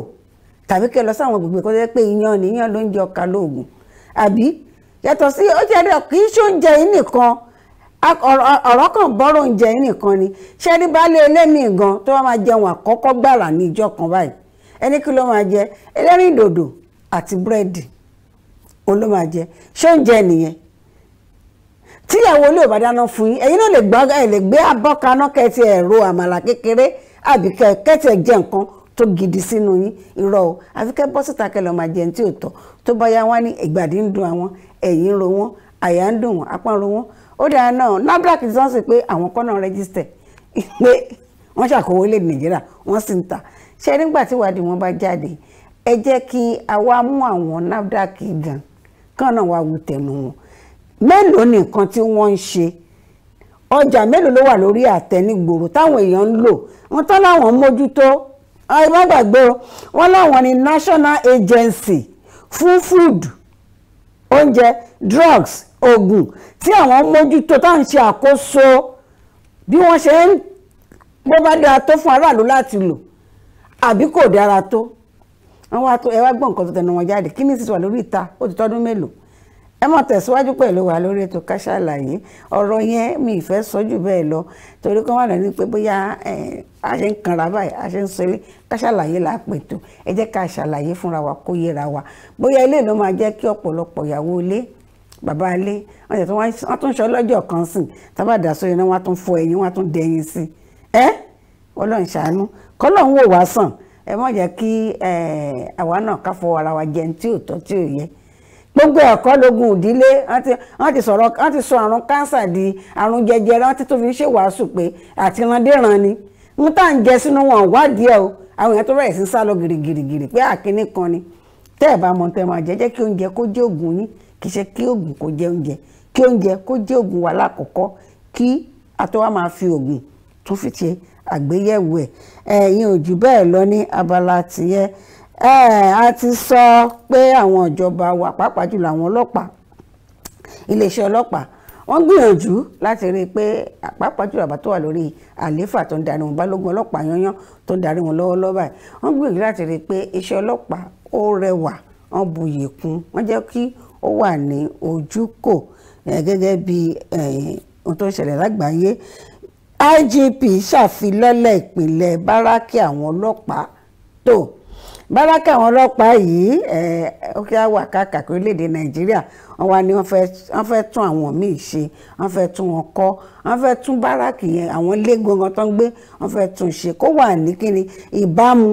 tàbí kẹ lọ sáwọn agbègbè kó jẹ́ pé iyán ni iyán ló ń jẹ ọkà lóògùn àbí yàtọ̀ sí ó jẹ́ kì í ṣe oúnjẹ yìí nìkan ọ̀rọ̀ kan bọ́rọ̀ oúnjẹ yín nìkan ni ṣé ní baálé elémi gan tó bá máa jẹun àkọ́kọ́ gbàrà ní ìjọ kan báyìí ẹni kí ló máa jẹ ẹlẹ́rìn dòdò àti búrẹ́dì òun ló máa jẹ ṣé oúnjẹ nìyẹn tíyàwó olè bá dáná fún yín ẹ̀yin náà lè gbọ́ ẹ lè gbé abọ́ kaná kẹtì ẹ̀rọ àmàlà kékeré àbí kẹtì jẹ nǹkan tó gidi sínú yín irọ́ o àfi kẹ́ bọ́ síta kẹ́ máa jẹun tí ò tọ́ tó bá yá wá ní ìgbàdí ń dùn àwọn ẹ̀yìn ro wọ́n àyà ń dùn wọ́n apá ń ro wọ́n ó dára náà NAFDAC ti sọ́n sí pé àwọn kọ́nà rẹ́gísítẹ̀ pé wọ́n ṣàkówó lè Nàìjíríà wọ́n sì ń ta ṣe nígbà tí ìwádìí wọn bá jáde ẹ jẹ́ kí a wá mú àwọn NAFDAC gan kán náà wá wù tẹnu wọn mélòó ni nǹkan tí wọ́n ń ṣe ọjà mélòó ló wà lórí àtẹ nígboro táwọn èèyàn ń lò wọn tán láwọn mójútó ẹ gbàgbé wọn láwọn ni national agency fún food oúnjẹ drugs oògùn tí àwọn mójútó tá à ń ṣe àkóso bí wọ́n ṣe ń bó bá dára tó fún aráàlú láti lò àbí kò dára tó wọ́n wá tó ẹ wá gbọ́ nǹkan tó tẹnu wọn jáde kí ni sì wà lórí ìta ó ti tọ́dún mélòó ẹ mọ̀ tẹ̀síwájú pẹ̀lú wa lórí ètò Ká Sálàyé ọ̀rọ̀ yẹn mi ì sọ jù bẹ́ẹ̀ lọ torí kọ́ wà lẹ́nu pé bóyá a ṣe ń kanra báyìí a ṣe ń sọ ilé Ká Sálàyé pètò ẹ jẹ́ ká ṣàlàyé fúnra wa kó yẹra wa bóyá ilé ló máa jẹ́ kí ọ̀pọ̀lọpọ̀ ìyàwó ilé bàbá ilé wọ́n tẹ̀ tó wọ́n tún ṣe ọlọ́jọ́ kan sìn tábà dà sóyè náà wọ́n tún fọ ẹyin wọ́n tún dẹyin sí ẹ ọlọ́run ṣàánú kọ́lọ́run wò wá sàn ẹ má jẹ́ kí àwa náà ká fọ ara wa jẹun tí ò tọ́ tí ò yẹ gbogbo ẹ̀kọ́ lógun ìdílé wọ́n ti sọ̀rọ̀ wọ́n ti sọ àrùn kánsà di àrùn jẹjẹrẹ wọ́n ti tó fi ṣèwàásù pé àtìrandéran ni ń tà ń jẹ sínú wọn wádìí ẹ o àwọn èèyàn tó bẹ̀rẹ̀ sí ń sá lọ gìrìgìrì pé àkíní kan ni tẹ́ ẹ̀ bá mọ̀ tẹ́ máa jẹ́ jẹ́ kí oúnjẹ kó jẹ́ ògùn yín kì í ṣe kí oògùn kó jẹ oúnjẹ kí oúnjẹ kó jẹ oògùn wa lákọ̀ọ́kọ́ kí atọ́wá máa fi oògùn tó fi ṣe àgbéyẹ̀wò ẹ̀ ẹ̀yin ò jù bẹ́ẹ̀ lọ ní abala tìyẹ a ti sọ pé àwọn ìjọba wa pàápàá jùlọ àwọn ọlọ́pàá iléeṣẹ́ ọlọ́pàá wọ́n gbìyànjú láti rí i pé pàápàá jùlọ àbá tó wà lórí àlééfà tó ń darí wọn balógun ọlọ́pàá yanyan tó ń darí wọn lọ́wọ́lọ́wọ́ báyìí wọ́n gbìyànjú láti rí i pé iṣẹ́ ọlọ́pàá ó rẹwà wọ́n buyì kún wọ́n jẹ́ kí ó wà ní ojúkò gẹ́gẹ́ bí ohun tó ṣẹlẹ̀ lágbàáyé IGP ṣàfilọ́lẹ̀ ìpìlẹ̀ bárákì àwọn ọlọ́pàá tó bárákì àwọn ọlọ́pàá yìí ó kí á wà káàkiri orílẹ̀-èdè Nàìjíríà wọ́n wá ní wọ́n fẹ́ tún àwọn míì ṣe wọ́n fẹ́ tún wọn kọ́ wọ́n fẹ́ tún bárákì yẹn àwọn ilé tó ń gbé wọ́n fẹ́ tún ṣe kó wà ní kíni ìbámu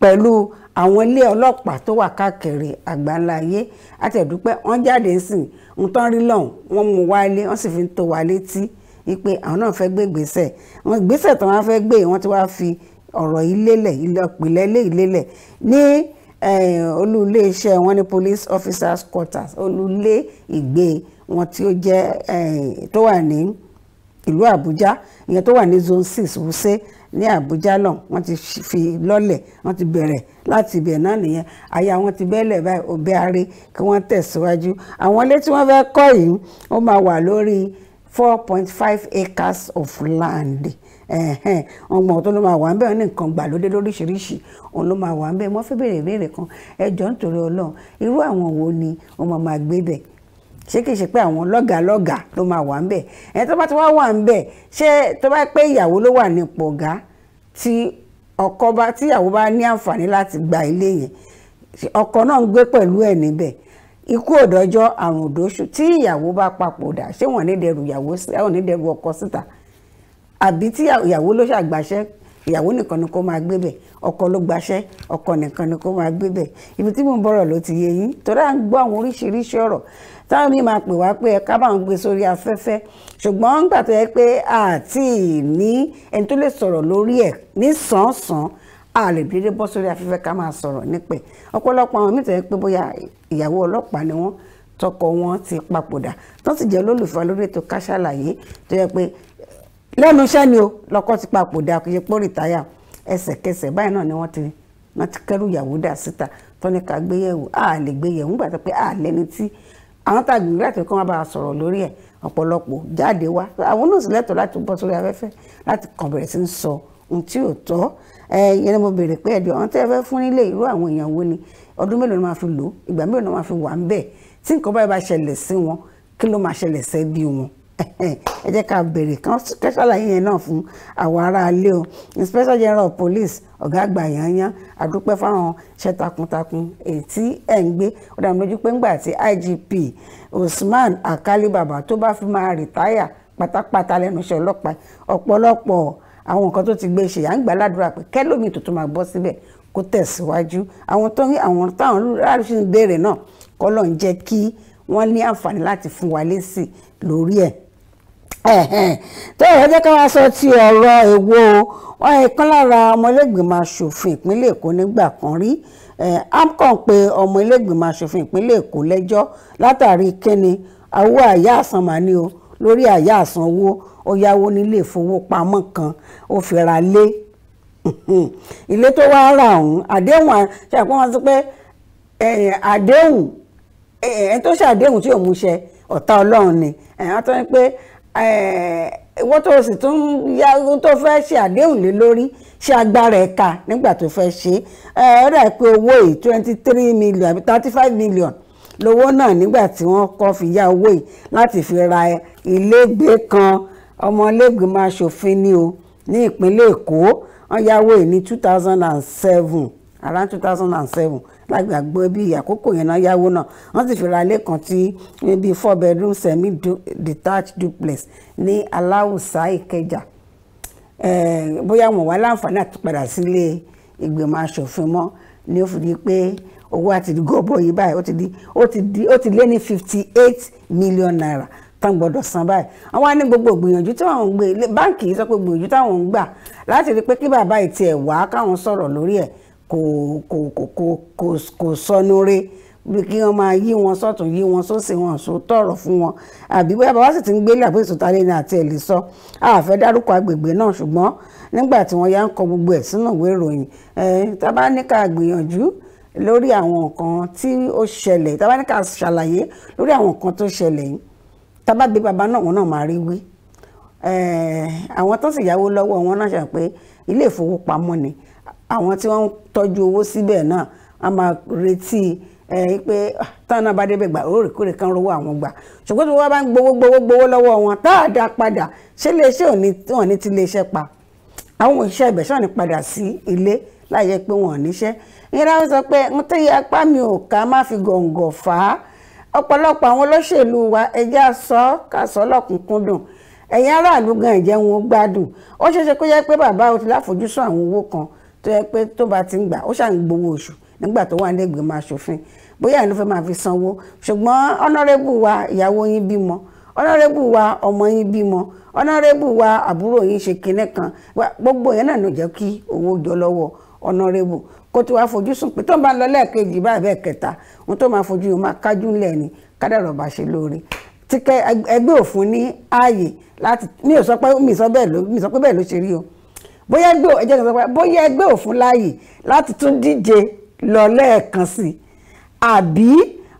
pẹ̀lú àwọn ilé ọlọ́pàá tó wà káàkiri àgbáńlá ayé àtẹ̀dúpẹ́ wọ́n jáde sìn ń tán rí lọ́hùn wọ́n mú wálé wọ́n sì fi ń tó wa létí wípé àwọn náà fẹ́ gbé ìgbésẹ̀ wọn ìgbésẹ̀ tó wọn fẹ́ gbé wọ́n ti wá fi ọ̀rọ̀ ilélẹ̀ ìpìlẹ̀ ilé ìlélẹ̀ ní olú wọn ní police officers quarters olú ilé ìgbé wọn tí ó jẹ́ tó wà ní ìlú àbújá ìyẹn tó wà ní zone six wuse ní àbújá náà wọ́n ti fi lọ́lẹ̀ wọ́n ti bẹ̀rẹ̀ láti ibẹ̀ náà nìyẹn àyà wọn ti bẹ́lẹ̀ báyìí òbẹ́ aré kí wọ́n tẹ̀síwájú àwọn ilé tí wọ́n fẹ́ kọ́ yìí ó máa wà lórí four point five acres of land ọmọ tó ló máa wà ń bẹ̀ ní nǹkan gbàlódé lóríṣiríṣi òun ló máa wà ń bẹ̀ wọ́n fẹ́ béèrè ìbéèrè kan ẹjọ́ nítorí ọlọ́run irú àwọn wo ni ọmọ máa gbé bẹ̀ ṣé kìí ṣe pé àwọn lọ́gàálọ́gà ló máa wà ń bẹ̀ ẹni tó bá ti wá wà ń bẹ̀ ṣé tó bá pé ìyàwó ló wà nípò ọ̀gá tí ọkọ bá tíyàwó bá ní àǹfààní láti gba ilé yẹn ọkọ náà ń gbé pẹ̀lú ẹ̀ níbẹ̀ ikú òdọjọ́ àrùn òdòṣù tí ìyàwó bá papòdà ṣé wọ́n ní dẹrù ìyàwó wọ́n ní dẹrù ọkọ síta àbí tí ìyàwó ló ṣàgbàṣẹ ìyàwó nìkan ni kó máa gbé bẹ̀ ọkọ ló gbàṣẹ ọkọ nìkan ni kó máa gbé bẹ̀ ibi tí mò ń bọ̀rọ̀ ló ti yé yín torí à ń gbọ́ àwọn oríṣiríṣi ọ̀rọ̀ táwọn mi máa pè wá pé ẹ ká bá wọn gbé sórí afẹ́fẹ́ ṣùgbọ́n nígbà tó yẹ pé àti ní ẹni tó lè sọ̀rọ̀ lórí ẹ̀ ní a lè dédé bọ́ sórí afẹ́fẹ́ ká máa sọ̀rọ̀ nípẹ̀ ọ̀pọ̀lọpọ̀ àwọn mìíràn yẹ pé bóyá ìyàwó ọlọ́pàá ni wọ́n tọkọ wọn ti papòdà tó sì jẹ́ olólùfẹ́ lórí ètò Ká tó yẹ pé lẹ́nu iṣẹ́ ni o lọ́kọ ti papòdà kì í ṣe pé rìtáyà ẹsẹ̀kẹsẹ̀ báyìí náà ni wọ́n ti wọ́n ti kẹ́rù ìyàwó dà síta tó ká gbéyẹ̀wò a lè gbéyẹ̀wò nígbà tó pé a lẹ́ni tí àwọn tá a gbìyànjú láti kọ́ wọn bá a sọ̀rọ̀ lórí ẹ̀ ọ̀pọ̀lọpọ̀ jáde wá àwọn náà sì lẹ́tọ̀ọ́ láti bọ́ sórí afẹ́fẹ́ láti kàn bẹ̀rẹ̀ sí ń sọ ohun tí ò tọ́ ẹ yẹn ni mo béèrè pé ẹ̀dùn àwọn tẹ́ ẹ fẹ́ fún nílé irú àwọn èèyàn wo ni ọdún mélòó ni wọ́n máa fi lò ìgbà mélòó ni wọ́n máa fi wà ń bẹ̀ tí nǹkan báyìí bá ṣẹlẹ̀ sí wọn kí ló máa ṣẹlẹ̀ sẹ́bí wọn ẹ jẹ́ ká bèrè kán ṣàlàyé yẹn náà fún àwọn aráalé o inspector general police ọ̀gá àgbà yanyan àdúpẹ́ fáwọn iṣẹ́ takuntakun èyí tí ẹ̀ ń gbé ó dá lójú pé ńgbà tí IGP Usman Akali Baba tó bá fi máa rìtáyà pátápátá lẹ́nu iṣẹ́ ọlọ́pàá ọ̀pọ̀lọpọ̀ àwọn nǹkan tó ti gbé ṣe à ń gbà ládùúrà pé kẹ́lómi tuntun máa bọ́ síbẹ̀ kó tẹ̀síwájú àwọn tó ń àwọn táwọn aráàlú ń béèrè náà kọ́ ló ń jẹ́ kí wọ́n ní àǹfààní láti fún wa lésì lórí ẹ̀ tó yẹ jẹ́ ká wá sọ ti ọ̀rọ̀ èwo wọn ìkan lára ọmọ ilégbìmọ̀ asòfin ìpínlẹ̀ èkó nígbà kan rí amcon pé ọmọ ilégbìmọ̀ asòfin ìpínlẹ̀ èkó lẹ́jọ́ látàrí kíni owó àyà àsan mà ní o lórí àyà àsan owó ó yáwó nílé ìfowópamọ́ kan ó fi ra lé ilé tó wá rà ọ̀hún àdéhùn ṣàpọ́n wọn sọ pé àdéhùn ẹni tó ṣàdéhùn tí òun ṣe ọ̀tá ọlọ́run ni àwọn tó ń pẹ́ Eh, wọ́n tó sì tún ya ohun tó fẹ́ ṣe àdéhùn lé lórí ṣe agbára ẹ̀ka nígbà tó fẹ́ ṣe eh, ó dà pé owó yìí twenty three million àbí thirty five million lówó náà nígbà tí wọ́n kọ́ fi ya owó yìí láti fi ra ilégbèé kan ọmọlẹ́gbìmọ̀ aṣòfin ni o ní ìpínlẹ̀ èkó wọ́n yáwó yìí ní two thousand and seven around two thousand and seven lágbàgbọ́ bí àkókò yẹn náà yáwó náà wọ́n sì fi ra ilé kan tí eh, bíi four bedroom semi detached duplex ní aláùsá ìkẹjà eh, bóyá wọn wá láǹfààní àti padà sílé ìgbìmọ̀ asòfin mọ́ ni ó fi di pé owó àti gọ́bọ̀ yìí báyìí ó ti di ó di ó ti lé ní fifty eight million naira tán gbọ́dọ̀ san báyìí àwọn á ní gbogbo gbìyànjú tí wọ́n ń gbé báǹkì yìí sọ pé gbìyànjú táwọn ń gbà láti rí pé kí bàbá yìí tiẹ̀ wá káwọn sọ̀rọ̀ lórí ẹ̀ kò kò kò kò kò kò sọnù re bí kí wọ́n máa yí wọn sọ́tún yí wọn sósì wọn sọ tọ̀rọ̀ fún wọn àbí bóyá bàbá sì ti ń gbélé àbí ìsòtálẹ̀ ní àti ẹ̀lẹ́ sọ àfẹ́ dárúkọ agbègbè náà ṣùgbọ́n nígbà tí wọ́n yá ń kọ gbogbo ẹ̀ sínú ìwé ìròyìn tábà ní ká gbìyànjú lórí àwọn nǹkan tí ó ṣẹlẹ̀ tábà ní ká ṣàlàyé lórí àwọn nǹkan tó ṣẹlẹ̀ yìí tábà bí bàbá náà wọn náà máa rí wí àwọn tó sì yáwó lọ́wọ́ wọn náà ṣàpè ilé ìfowópamọ́ ni àwọn tí wọ́n ń tọ́jú owó síbẹ̀ náà a máa retí ẹ pé ah, táwọn náà bá débẹ̀ gbà lóòrèkóòrè kan rówó àwọn gbà ṣùgbọ́n tí wọ́n bá ń gbowó gbowó gbowó lọ́wọ́ wọn tá a dá padà ṣé iléeṣẹ́ wọn ní ti iléeṣẹ́ pa àwọn òṣìṣẹ́ ibẹ̀ ṣọ́ọ̀ni padà sí ilé láyé pé wọn ò níṣẹ́ ìyẹn láwọn sọ pé ń tó yẹ apá mi ò ká má fi gọ̀ǹgọ̀ fà á ọ̀pọ̀lọpọ̀ àwọn olóṣèlú wa ẹja sọ ká sọ lọ́kùnkúndùn ẹ̀yin aráàlú gan ìjẹun ó gbádùn ó ṣeéṣe kó yẹ pé bàbá o ti láfojúsùn àwọn owó kan tó yẹ pé tó bá ti ń gbà ó ṣàn gbowó oṣù nígbà tó wà ní ìgbìmọ̀ asòfin bóyá ló fẹ́ máa fi sanwó ṣùgbọ́n ọ̀nàrẹ́bù wa ìyàwó yín bímọ ọ̀nàrẹ́bù wa ọmọ yín bímọ ọ̀nàrẹ́bù wa àbúrò yín ṣe kinní kan gbogbo yẹn náà ló jẹ́ kí owó jọ lọ́wọ́ ọ̀nàrẹ́bù kó tó wá fojú sùn pé tó ń bá lọ lẹ́ẹ̀kejì bá bẹ́ẹ̀ kẹta ohun tó máa fojú yòó máa kájú ńlẹ̀ ni kádàrọ̀ bá ṣe lóore tí ẹgbẹ́ òfin ní ààyè láti mi ò sọ pé mi sọ bẹ́ẹ̀ ló ṣe rí o bóyá ẹgbẹ́ ẹjẹ́ kan sọ pé bóyá ẹgbẹ́ ò fún láàyè láti tún díje lọ lẹ́ẹ̀kan sí i àbí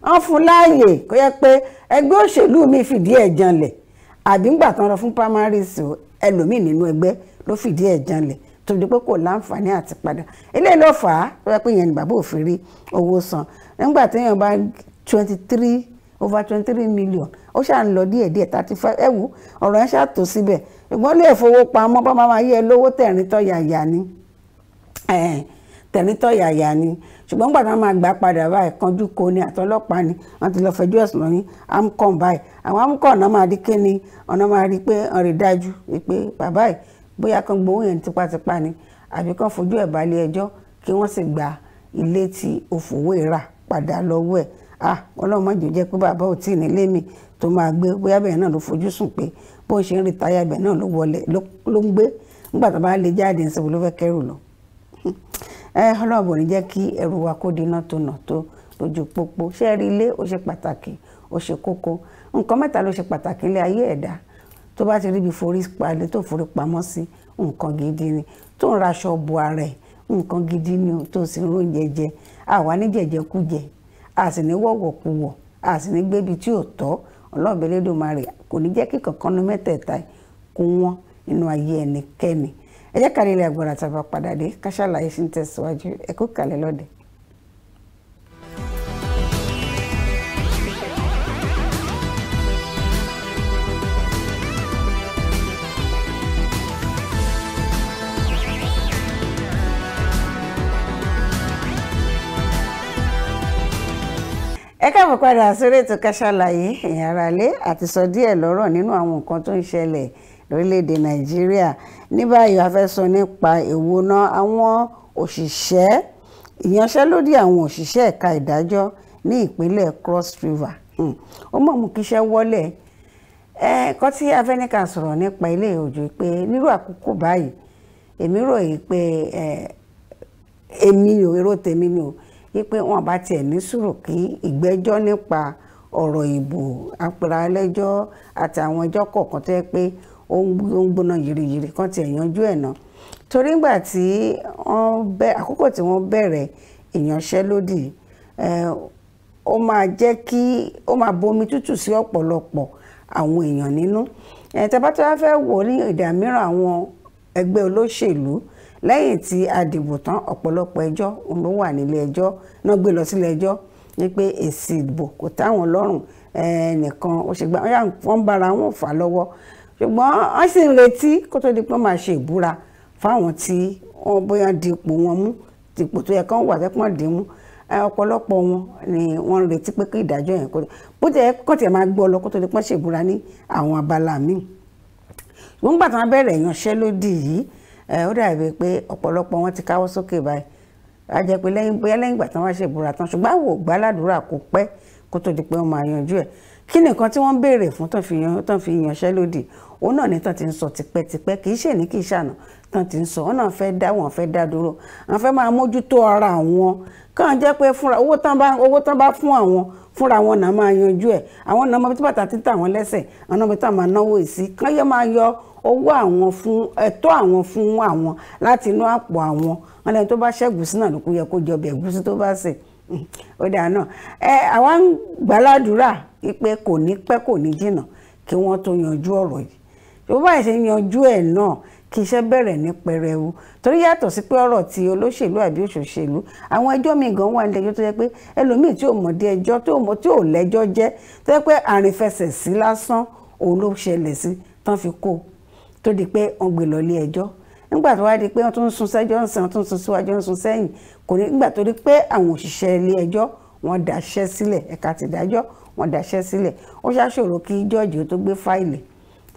wọ́n fún láàyè kó yẹ pé ẹgbẹ́ òṣèlú mi fìdí ẹ̀ janlẹ̀ àbí ńgbà tán lọ fún primaries ẹlòmíì nínú ẹgbẹ́ ló fìdí ẹ̀ janlẹ̀ tó di pé kò láǹfààní àti padà eléyìí ló fà á tó yẹ pé ìyẹn ni bàbá òfin rí owó san nígbà téèyàn bá twenty three over twenty three million ó ṣà ń lọ díẹ̀díẹ̀ thirty five ẹ wù ọ̀rọ̀ ẹ ṣáà tó síbẹ̀ ṣùgbọ́n lè fowó pamọ́ bá máa yẹ lówó tẹ̀rín tọ́ yàyà ni tẹ̀rín tọ́ yàyà ni ṣùgbọ́n gbàdá máa gbà padà báyìí kanjú ko ni àtọlọ́pàá ni wọ́n ti lọ fẹjọ́ ẹ̀sùn ní amcon báyìí àwọn amcon náà máa di kíni ọ̀nà máa rí pé ọ̀n rí dájú pé bàbá yìí bóyá kan gbowó yẹn tipátipá ni àbí kan fojú ẹ̀ balẹ̀ ẹjọ́ kí wọ́n sì gba ilé tí òfòwé rà padà lọ́wọ́ ẹ̀ ah ọlọ́run má jò jẹ́ pé bàbá ò tí ì nílé mi tó máa gbé bóyá bẹ́ẹ̀ náà ló fojú sùn pé bó ń ṣe ń rìtáyà bẹ́ẹ̀ náà ló wọlé ló ń gbé nígbà tó bá lè jáde ń sọ ló fẹ́ kẹ́rù lọ. ẹ (laughs) eh, ọlọ́run bò ní jẹ́ kí ẹrù wa kó di náà tó nà tó lójú pópó ṣé rí ilé ó ṣe pàtàkì ó ṣe kókó nǹkan mẹ́ta ló ṣe pàtàkì ilé ayé ẹ̀dá tó bá ti ríbi forí palẹ̀ tó forí pamọ́ sí nǹkan gidi ni tó ń raṣọ bo ara ẹ̀ nǹkan gidi ni tó sì ń rún jẹjẹ àwa ní jẹjẹ kú a sì ní wọ̀wọ̀kuwọ̀ a sì ní gbébi tí ò tọ́ ọlọ́ọ̀bẹ lẹ́dọ̀mọ́rẹ́ kò ní jẹ́ kí kankan ní mẹ́tẹ̀ẹ̀ta kó wọ́n nínú ayé ẹnikẹ́ni ẹ jẹ́ ká lè agbára tàbá padà dé ká ṣàlàyé sí ń tẹ̀síwájú ẹ kàlẹ́ lọ́dẹ̀ẹ́ ẹ káàbọ̀ padà sórí ètò Ká Sálàyé ẹ̀yin aráalé àti sọ díẹ̀ lọ́rọ̀ nínú àwọn nǹkan tó ń ṣẹlẹ̀ lórílẹ̀‐èdè nàìjíríà ní báyìí a fẹ́ sọ nípa ìwòna àwọn òṣìṣẹ́ ìyanṣẹ́lódì àwọn òṣìṣẹ́ ẹ̀ka ìdájọ́ ní ìpínlẹ̀ Cross River hmm. ó mọ̀ mú kíṣẹ́ wọlé ẹ̀ẹ́kọ́ tí afẹ́nìkan sọ̀rọ̀ nípa ilé òjò pé nírú àkókò báyìí èmi rò yìí pé èmi ò èrò tèmi ni o wípé wọn bá tiẹ̀ ní sùúrù kí ìgbẹ́jọ́ nípa ọ̀rọ̀ ìbò apẹ̀rẹ̀ alẹ́jọ́ àtàwọn ẹjọ́ kọ̀ọ̀kan tó yẹ pé ó ń gbóná yìrìyìrì kan tiẹ̀ yanjú ẹ̀ náà torí ngbà tí wọ́n bẹ́ àkókò tí wọ́n bẹ̀rẹ̀ ìyanṣẹ́lódì ó máa jẹ́ kí ó máa bomi tútù sí ọ̀pọ̀lọpọ̀ àwọn èèyàn nínú ẹ̀ tẹ́bátẹ́ wá fẹ́ wò ní ìdá mìíràn àwọn ẹgbẹ́ olóṣèlú lẹ́yìn tí a dìbò tán ọ̀pọ̀lọpọ̀ ẹjọ́ òun ló wà nílé ẹjọ́ náà gbé lọ sílé ẹjọ́ ní pé èsì ìdìbò kò táwọn lọ́rùn nìkan ó ṣe gbà wọ́n ń bára wọn fà lọ́wọ́ ṣùgbọ́n wọ́n sì ń retí kó tó di pé máa ṣe ìbúra fáwọn tí wọ́n bóyá di ipò wọn mú ipò tó yẹ kán wà tẹ́pọ̀n dín mú ọ̀pọ̀lọpọ̀ wọn ni wọ́n ń retí pé kí ìdájọ́ yẹn kó tẹ kọ́ tẹ̀ máa gbọ́ lọ kó tó di pé ṣèbúra ní àwọn abala míì wọ́n gbà tí ìyanṣẹ́lódì yìí ó dàbí pé ọ̀pọ̀lọpọ̀ wọn ti káwọ́ sókè báyìí a jẹ́ pé lẹ́yìn bóyá lẹ́yìn ìgbà tí wọ́n ṣe ìbúra tán ṣùgbọ́n àwọn ògbà ládùúrà kò pẹ́ kó tó di pé wọ́n máa yanjú ẹ̀ kí ni nǹkan tí wọ́n ń béèrè fún tán fi yan fi yanṣẹ́ lódì òun náà ni tán ti ń sọ tipẹ́tipẹ́ kì í ṣe ní kì í ṣàná tán ti ń sọ wọn náà fẹ́ dá wọn fẹ́ dá dúró wọn fẹ́ máa mójútó ara wọn kàn jẹ́ pé fúnra owó tán bá owó tán bá fún àwọn fúnra wọn náà máa yanjú ẹ̀ àwọn náà mọ bí tí bàtà títà wọn lẹ́sẹ̀ àwọn náà bí tí àwọn máa náwó ìsí owó àwọn fún ẹ̀tọ́ àwọn fún àwọn láti inú àpò àwọn wọn lẹni tó bá ṣẹ̀gúsí náà ló kú yẹ kó jọbẹ ẹ̀gúsí tó bá sè ó dáa náà ẹ àwa ń gbàládùúrà pé kò ní pẹ́ kò ní jìnnà kí wọ́n tó yanjú ọ̀rọ̀ yìí tó bá ṣe yanjú ẹ̀ náà kí iṣẹ́ bẹ̀rẹ̀ ní pẹrẹwu torí yàtọ̀ sí pé ọ̀rọ̀ ti olóṣèlú àbí òṣòṣèlú àwọn ẹjọ́ míì gan wà nílẹ̀ ẹjọ́ tó yẹ pé ẹlòmíì tí ò mọ̀ dé ẹjọ́ tí ò mọ̀ tí ò lẹ́jọ́ jẹ́ tó yẹ pé àrìnfẹsẹ̀ sí lásán òun ló ṣẹlẹ̀ sí tán fi kó tó di pé wọ́n gbé lọ ilé ẹjọ́ nígbà tó wá di pé wọ́n tún ń sún sẹ́jọ́ ń sàn tún ń sún síwájú ń sún sẹ́yìn kò ní nígbà tó di pé àwọn òṣìṣẹ́ ilé ẹjọ́ wọ́n dáṣẹ́ sílẹ̀ ẹ̀ka tìdájọ́ wọ́n dáṣẹ́ sílẹ̀ ó ṣàṣòro kí jọ́ọ̀jì ó tó gbé fáìlì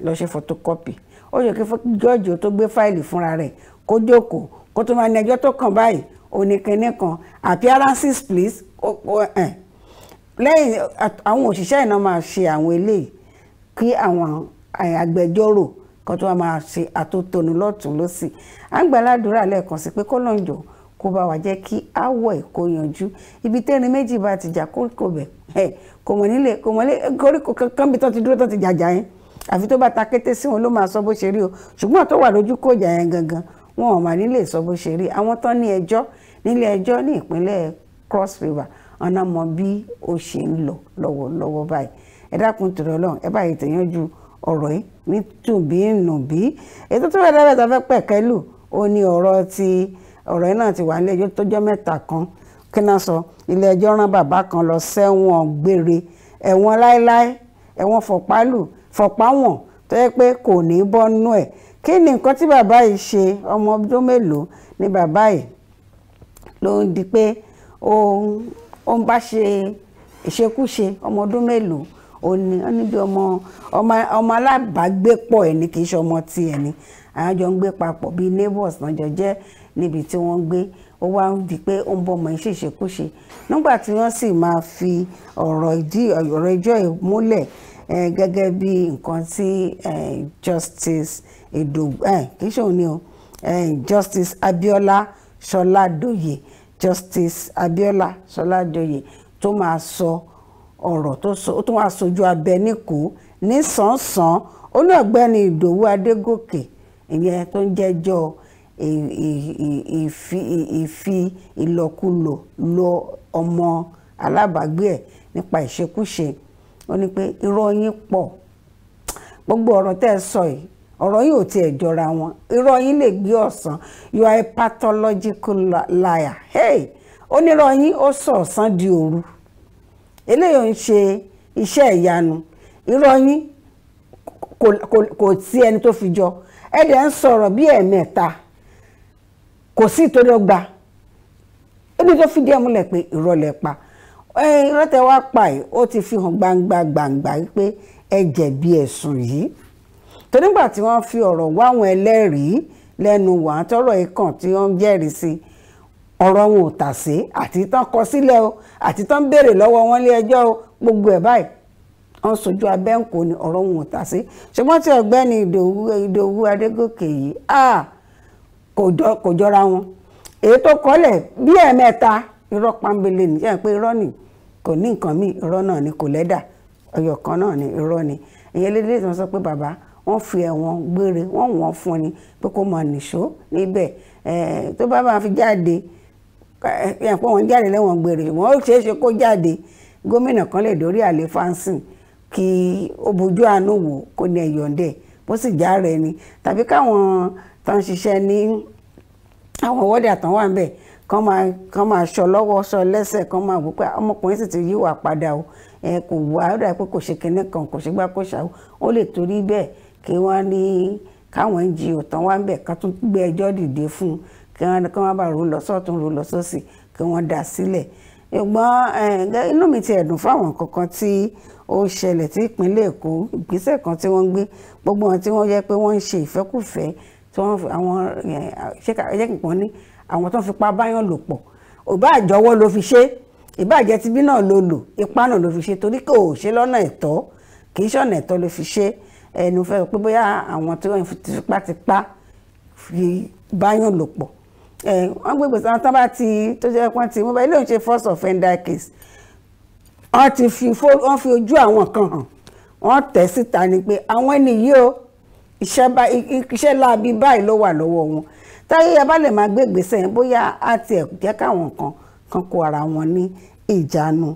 lọ ṣe photocopy ó yẹ kí jọ́ọ̀jì ó tó gbé fáìlì fúnra rẹ̀ kó jókòó kó tó máa ní ẹjọ́ tó kàn báyìí oníkẹ́ni kan appearances please lẹ́yìn àwọn òṣìṣẹ́ ìná máa ṣe àwọn eléyìí kí àwọn agbẹjọ́rò kan tó wá máa ṣe àtótónu lọ́tún lọ́sì à ń gbàládùúrà lẹ́ẹ̀kan sí pé kọ́lọ́njọ́ kó bá wa jẹ́ kí áwọ̀ ẹ̀ kó yanjú ibi tẹ́ni méjì bá ti jà kórìkò bẹ̀ ẹ̀ kò mọ̀ nílé kò mọ̀ lé kórìkò kankan bí tó ti dúró tó ti jàjà yẹn àfi tó bá ta kété sí wọn ló máa sọ bó ṣe rí o ṣùgbọ́n tó wà lójú kọjá yẹn gangan wọn ò mà nílé sọ bó ṣe rí àwọn tán ní ẹjọ́ nílé ẹjọ́ ní ìpínlẹ̀ Cross River ọ̀nà mọ bí ó ṣe ń lọ lọ́wọ́lọ́wọ́ báyìí ẹ dákun tòrọ̀ lọ́hùn ọ̀rọ̀ yìí ní tùbí nùbí ètò tó bẹ̀rẹ̀ bẹ̀rẹ̀ tó fẹ́ pẹ̀kẹ́lù ó ní ọ̀rọ̀ ti ọ̀rọ̀ yìí náà ti wà nílé ẹjọ́ tó jẹ́ mẹ́ta kan kí náà sọ ilé ẹjọ́ rán bàbá kan lọ sẹ́wọ̀n gbére ẹ̀wọ̀n láéláé ẹ̀wọ̀n fọ̀pálù fọ̀páwọ̀n tó yẹ pé kò ní bọ́nú ẹ̀ kí ni nǹkan tí bàbá yìí ṣe ọmọ ọdún mélòó ni bàbá yìí ló ń di pé ó ń bá ṣe ìṣekúṣe ọmọ ọdún mélòó ó ní ó ní bí ọmọ ọmọ alábàágbépọ̀ ẹ̀ ní kì í ṣe ọmọ ti ẹ̀ ní àwọn jọ ń gbé papọ̀ bíi neighbors náà jọ jẹ́ níbi tí wọ́n gbé ó wá ń di pé ó ń bọ́ ọmọ yìí ṣèṣekúṣe nígbà tí wọ́n sì máa fi ọ̀rọ̀ ìdí ọ̀rọ̀ ẹjọ́ ẹ̀ múlẹ̀ gẹ́gẹ́ bí nǹkan tí justice edogbo kì í ṣe òun ni o justice abiola sọládòye justice abiola sọládòye tó máa sọ. So, ọ̀rọ̀ tó sọ ó tún wá sojú abẹ níkò nísànsán ó ní ọ̀gbẹ́ni ìdòwú adégòkè ìyẹn tó ń jẹ́jọ́ ìfi ìlòkulò lo ọmọ alábàágbé ẹ̀ nípa ìṣekúṣe ó ní pé irọ́ yín pọ̀ gbogbo ọ̀rọ̀ tẹ́ ẹ sọ yìí ọ̀rọ̀ yìí ò tiẹ̀ jọra wọn irọ́ yín lè gbé ọ̀sán you are a pathological liar hey onírọ́ yín ó sọ ọ̀sán di òru eléyìí ò ń ṣe iṣẹ́ ìyanu irọ́ yín kò tí ẹni tó fi jọ ẹ dẹ̀ ń sọ̀rọ̀ bí ẹ̀ẹ̀mẹ́ta kò sí ìtòdọ́gba ebi tó fìdí ẹ̀ múlẹ̀ pé irọ́ lẹ pa irọ́ tẹ wá pa yìí ó ti fi hàn gbangba gbangba pé ẹ jẹ̀bi ẹ̀sùn yìí torí tí wọ́n fi ọ̀rọ̀ wá àwọn ẹlẹ́rìí lẹ́nu wà á tọrọ ikàn tí wọ́n jẹ́rìí sí i ọ̀rọ̀ wọn ò tà sí àti tán kọ sílẹ̀ o àti tán béèrè lọ́wọ́ wọn lé ẹjọ́ o gbogbo ẹ̀ báyìí wọ́n sojú abẹ́ǹkò ni ọ̀rọ̀ wọn ò tà sí ṣùgbọ́n tí ọ̀gbẹ́ni ìdòwú adégòkè yìí kò jọra wọn èyí tó kọ́lẹ̀ bí ẹ̀ẹ̀mẹ́ta irọ́ pambele nìyẹn pé irọ́ nì kò ní nǹkan míì irọ́ náà ni kò lẹ́dà ọyọ̀ kan náà ni irọ́ ni ìyẹn lédè tí wọ́n sọ pé bàbá wọ́n fi ẹ̀wọ̀n gbére wọ́n wọ́n fún ni pé kó mọ̀ nìṣó níbẹ̀ tó bá bá fi jáde ẹ̀ pé wọ́n jáde lẹ́wọ̀n gbèrè wọ́n ó ṣeé ṣe kó jáde gómìnà kan lè dórí àlè fansin kí ó bójú àánú wò kó ní ẹ̀yọ̀ǹdẹ̀ bó sì já rẹ̀ ni tàbí káwọn tó ń ṣiṣẹ́ ní àwọn wọ́dà tán wà ń bẹ̀ kán máa kán máa sọ lọ́wọ́ sọ lẹ́sẹ̀ kán máa wò pé ọmọkùnrin sì ti yíwà padà o ẹ kò wù á dà pé kò ṣe kinní kan kò ṣe gbá kó ṣàwò ó lè torí bẹ́ẹ̀ kí wọ́n ní káwọn NGO tán wà ń bẹ̀ ká tún gbé ẹjọ́ dìde fún un kí wọ́n kí wọ́n bá rú lọ sọ́tún rú lọ sósì kí wọ́n dá sílẹ̀ ṣùgbọ́n inú mi ti ẹ̀dùn fáwọn kankan tí ó ṣẹlẹ̀ tí ìpínlẹ̀ Èkó ìgbésẹ̀ kan tí wọ́n gbé gbogbo wọn tí wọ́n yẹ pé wọ́n ń ṣe ìfẹ́kùfẹ́ tí wọ́n àwọn ṣé ẹ̀jẹ̀ kìkan ní àwọn tó ń fipá báyàn lò pọ̀ òbá àjọwọ́ ló fi ṣe ìbàjẹ́ tibí náà ló lò ipá náà ló fi ṣe torí kò ṣe lọ́nà ẹ̀tọ́ kì í ṣọ̀nà ẹ̀tọ́ ló fi ṣe ẹnu fẹ́ rò pé bóyá àwọn tí wọ́n fipá ti pa báyàn lò pọ̀ Eh, wọ́n gbé gbèsè àwọn tán bá ti tó jẹ́ pọ́n ti wọ́n bá ilé òun ṣe first offender case wọ́n ti fi wọ́n fi ojú àwọn kan hàn wọ́n tẹ̀ síta ni pé àwọn ènìyí o iṣẹ́ láabi báyìí ló wà lọ́wọ́ wọn táyé ẹ bá lè máa gbé gbèsè yẹn bóyá á tiẹ̀ jẹ́ káwọn kan kan kó ara wọn ní ìjánu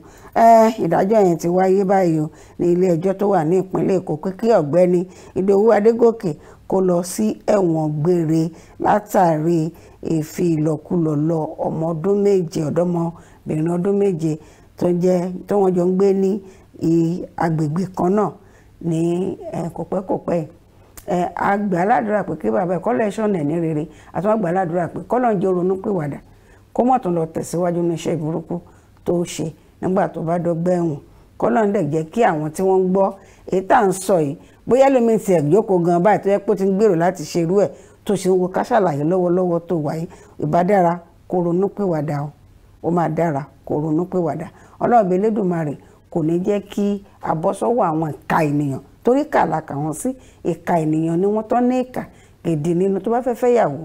eh, ìdájọ́ yẹn ti wáyé báyìí o ní ilé ẹjọ́ tó wà ní ìpínlẹ̀ Èkó pé kí ọ̀gbẹ́ni Ìdòwú Adégòkè kó lọ sí ẹ̀wọ̀n gbére látàrí èéfi ìlọkulọ̀ lọ ọmọ ọdún méje ọ̀dọ́mọbìnrin ọdún méje tó jẹ́ tó wọ́n jọ ń gbé ní agbègbè kan náà ní kòpẹ́kòpẹ́ àgbà aládùúrà pé kí bàbá ẹ̀kọ́ lẹ́sọ̀nà ní rere àtúwọ́n àgbà aládùúrà pé kọ́lọ́njẹ́ ronú pìwàdà kó mọ̀ tó lọ tẹ̀síwájú ní iṣẹ́ burúkú tó ṣe nígbà tó bá dọ́gbẹ́ ẹ̀wọ̀n kọ́lọ́n dẹ̀ jẹ́ kí àwọn tí wọ́n ń gbọ́ èyí tá à ń sọ yìí bóyá lómi ti ẹ̀ jókòó gan báyìí tó yẹ pé ti ń gbèrò láti ṣerú ẹ̀ tó ṣe ń wo ká ṣàlàyé lọ́wọ́lọ́wọ́ tó wáyé ìbádára kó ronú pìwàdà o ó máa dára kó ronú pìwàdà ọlọ́ọ̀bẹ elédùnmarè kò ní jẹ́ kí a bọ́ àwọn ìka ènìyàn torí kàlàkà wọn sí ìka ènìyàn ni wọ́n tán ní ìka gèdè nínú tó bá fẹ́ fẹ́yàwó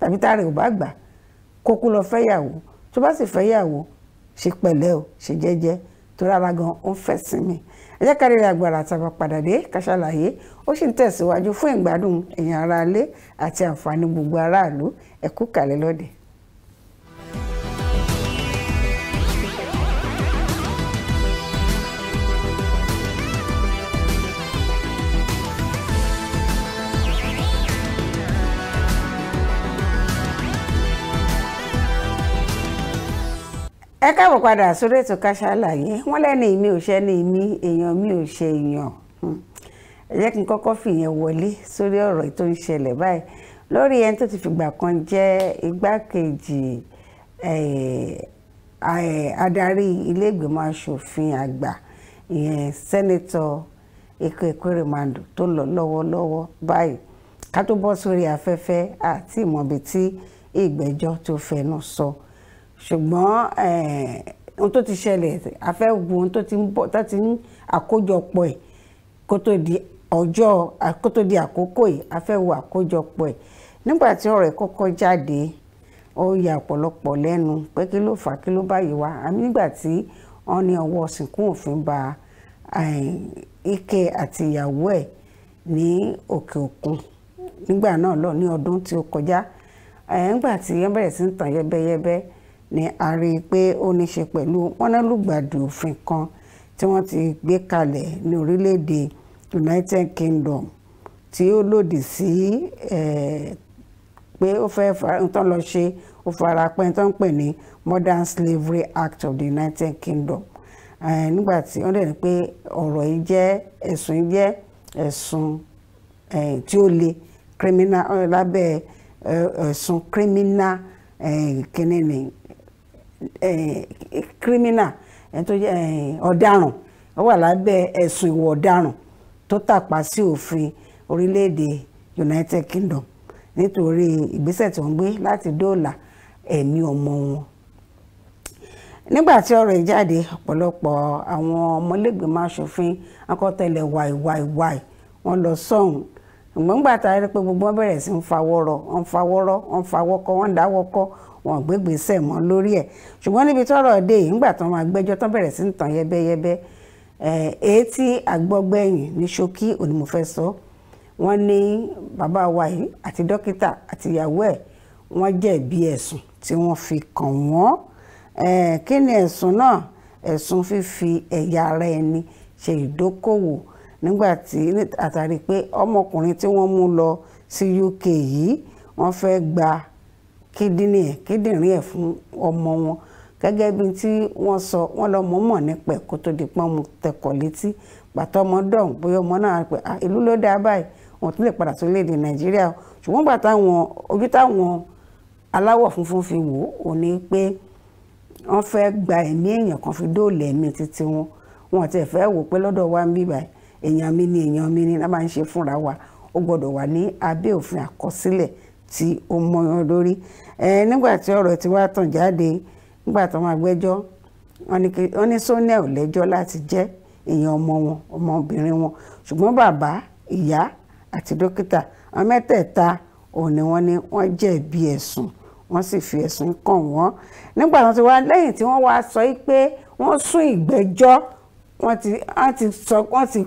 tàbí tá a rẹ̀ ò bá gbà kókó lọ fẹ́yàwó tó bá sì fẹ́yàwó ṣe pẹ̀lẹ́ o ṣe jẹ́jẹ́ torí ara gan ó ń fẹ́ sinmi ẹ jẹ́ ká rí agbára àtàwọn padà dé ká ṣàlàyé ó sì ń tẹ̀síwájú fún ìgbádùn èèyàn aráalé àti àǹfààní gbogbo aráàlú ẹ kú kàlẹ̀ ẹ káàbọ̀ padà sórí ètò Ká Sálàyé wọ́n lẹ́ni mi ò ṣẹ́ni mi èèyàn mi ò ṣe èèyàn hmm. ẹ jẹ́ kí n kọ́kọ́ fìyẹn wọlé sórí ọ̀rọ̀ tó ń ṣẹlẹ̀ báyìí lórí ẹni tó ti fìgbà kan jẹ́ igbákejì adarí ilé ìgbìmọ̀ asòfin àgbà ìyẹn sẹ́nẹ́tọ̀ Eko Ekweremadu tó lọ lọ́wọ́lọ́wọ́ báyìí ká tó bọ́ sórí afẹ́fẹ́ àti ìmọ̀bi tí ìgbẹ́jọ́ tó fẹnu sọ. So ṣùgbọ́n ohun tó ti ṣẹlẹ̀ a fẹ́ wo ohun tó ti ń bọ̀ tó ti ń àkójọpọ̀ ẹ̀ kó tó di ọjọ́ kó tó di àkókò yìí a fẹ́ wo àkójọpọ̀ ẹ̀ nígbà tí ọ̀rọ̀ kọ́kọ́ jáde ó ya ọ̀pọ̀lọpọ̀ lẹ́nu pé kí ló fà kí ló báyìí wá nígbà tí wọ́n ní ọwọ́ sìnkú òfin ba Ike àti ìyàwó ẹ̀ ní òkè òkun nígbà náà lọ ní ọdún tí ó kọjá nígbà tí wọ́n bẹ̀rẹ̀ sí ń tàn yẹ́bẹ́yẹ́bẹ́ ni a rí i pé ó ní ṣe pẹ̀lú wọnálùgbàdì òfin kan tí wọ́n ti gbé kalẹ̀ ní orílẹ̀-èdè United Kingdom tí ó lòdì sí pé ó fẹ́ tán lọ ṣe ó fara pẹ́ tán pè ní Modern Slavery Act of the United Kingdom nígbà tí wọ́n dẹ̀ ní pé ọ̀rọ̀ yìí jẹ́ ẹ̀sùn yìí jẹ́ ẹ̀sùn tí ó le criminal lábẹ́ ẹ̀sùn criminal kínní kírímínà ọ̀daràn ó wà lábẹ́ ẹ̀sùn ìwà ọ̀daràn tó tàpá sí òfin orílẹ̀-èdè United Kingdom nítorí ìgbésẹ̀ tó ń gbé láti dóòlà ẹ̀mí ọmọ wọn nígbà tí ọ̀rọ̀ yìí jáde ọ̀pọ̀lọpọ̀ àwọn ọmọlẹ́gbẹ̀mọ aṣòfin akọ́tẹ̀lẹ̀ wàìwàìwàì wọ́n lọ sọ́hùn ṣùgbọ́n gbà tá a rí pé gbogbo wọn bẹ̀rẹ̀ sí ń fawọ́rọ̀ wọn fawọ́rọ̀ wọn fawọ́kọ́ wọn dáwọ́kọ́ wọn gbégbèsè mọ́ lórí ẹ̀ ṣùgbọ́n níbi tọ́rọ̀ dé yìí ńgbà tán máa gbẹ́jọ́ tán bẹ̀rẹ̀ sí ń tàn yẹ́bẹ́yẹ́bẹ́ èyí tí àgbọ́gbẹ̀yìn ní ṣókí òní mo fẹ́ sọ wọ́n ní bàbá wa yìí àti dókítà àti ìyàwó ẹ̀ wọ́n jẹ̀bi ẹ̀sùn tí wọ́n fi kàn wọ́n kí ni ẹ̀sùn náà ẹ̀sùn fífi ẹ̀yà ara ẹni ṣe ìdókòwò nígbà tí àtàrí pé ọmọkùnrin tí wọ́n mú lọ sí UK yìí wọ́n fẹ́ gba kídínì ẹ̀ kídìnrín ẹ̀ fún ọmọ wọn gẹ́gẹ́ bí tí wọ́n sọ wọ́n lọ mọ̀ mọ̀ nípa ẹ̀ kó tó di pọ́n mu tẹkọ̀ létí pàtó ọmọ dọ̀hún bóyá ọmọ náà pé ìlú ló dáa báyìí wọn tún lè padà sí orílẹ̀-èdè Nàìjíríà ṣùgbọ́n gbà táwọn ojú táwọn aláwọ̀ funfun fi wò ó ní pé wọ́n fẹ́ gba ẹ̀mí èèyàn kan fi dóòlà ẹ̀mí títí wọn wọn àti ẹ̀fẹ́ wò pé lọ́dọ̀ wa ń bí èèyàn mi ni èèyàn mi ni la máa ń ṣe fúnra wa ó gbọ́dọ̀ wà ní abẹ́ òfin àkọsílẹ̀ tí ó mọyán lórí nígbà tí ọ̀rọ̀ ti wá tàn jáde nígbà tó máa gbẹ́jọ́ wọ́n ní Sonia ò lẹ́jọ́ láti jẹ́ èèyàn ọmọ wọn ọmọbìnrin wọn ṣùgbọ́n bàbá ìyá àti dókítà àwọn mẹ́tẹ̀ẹ̀ta òun ni wọ́n ní wọ́n jẹ̀bi ẹ̀sùn wọ́n sì fi ẹ̀sùn kàn wọ́n nígbà tó ti wá tí wọ́n wá sọ pé wọ́n sún ìgbẹ́jọ́ wọ́n ti sọ wọ́n ti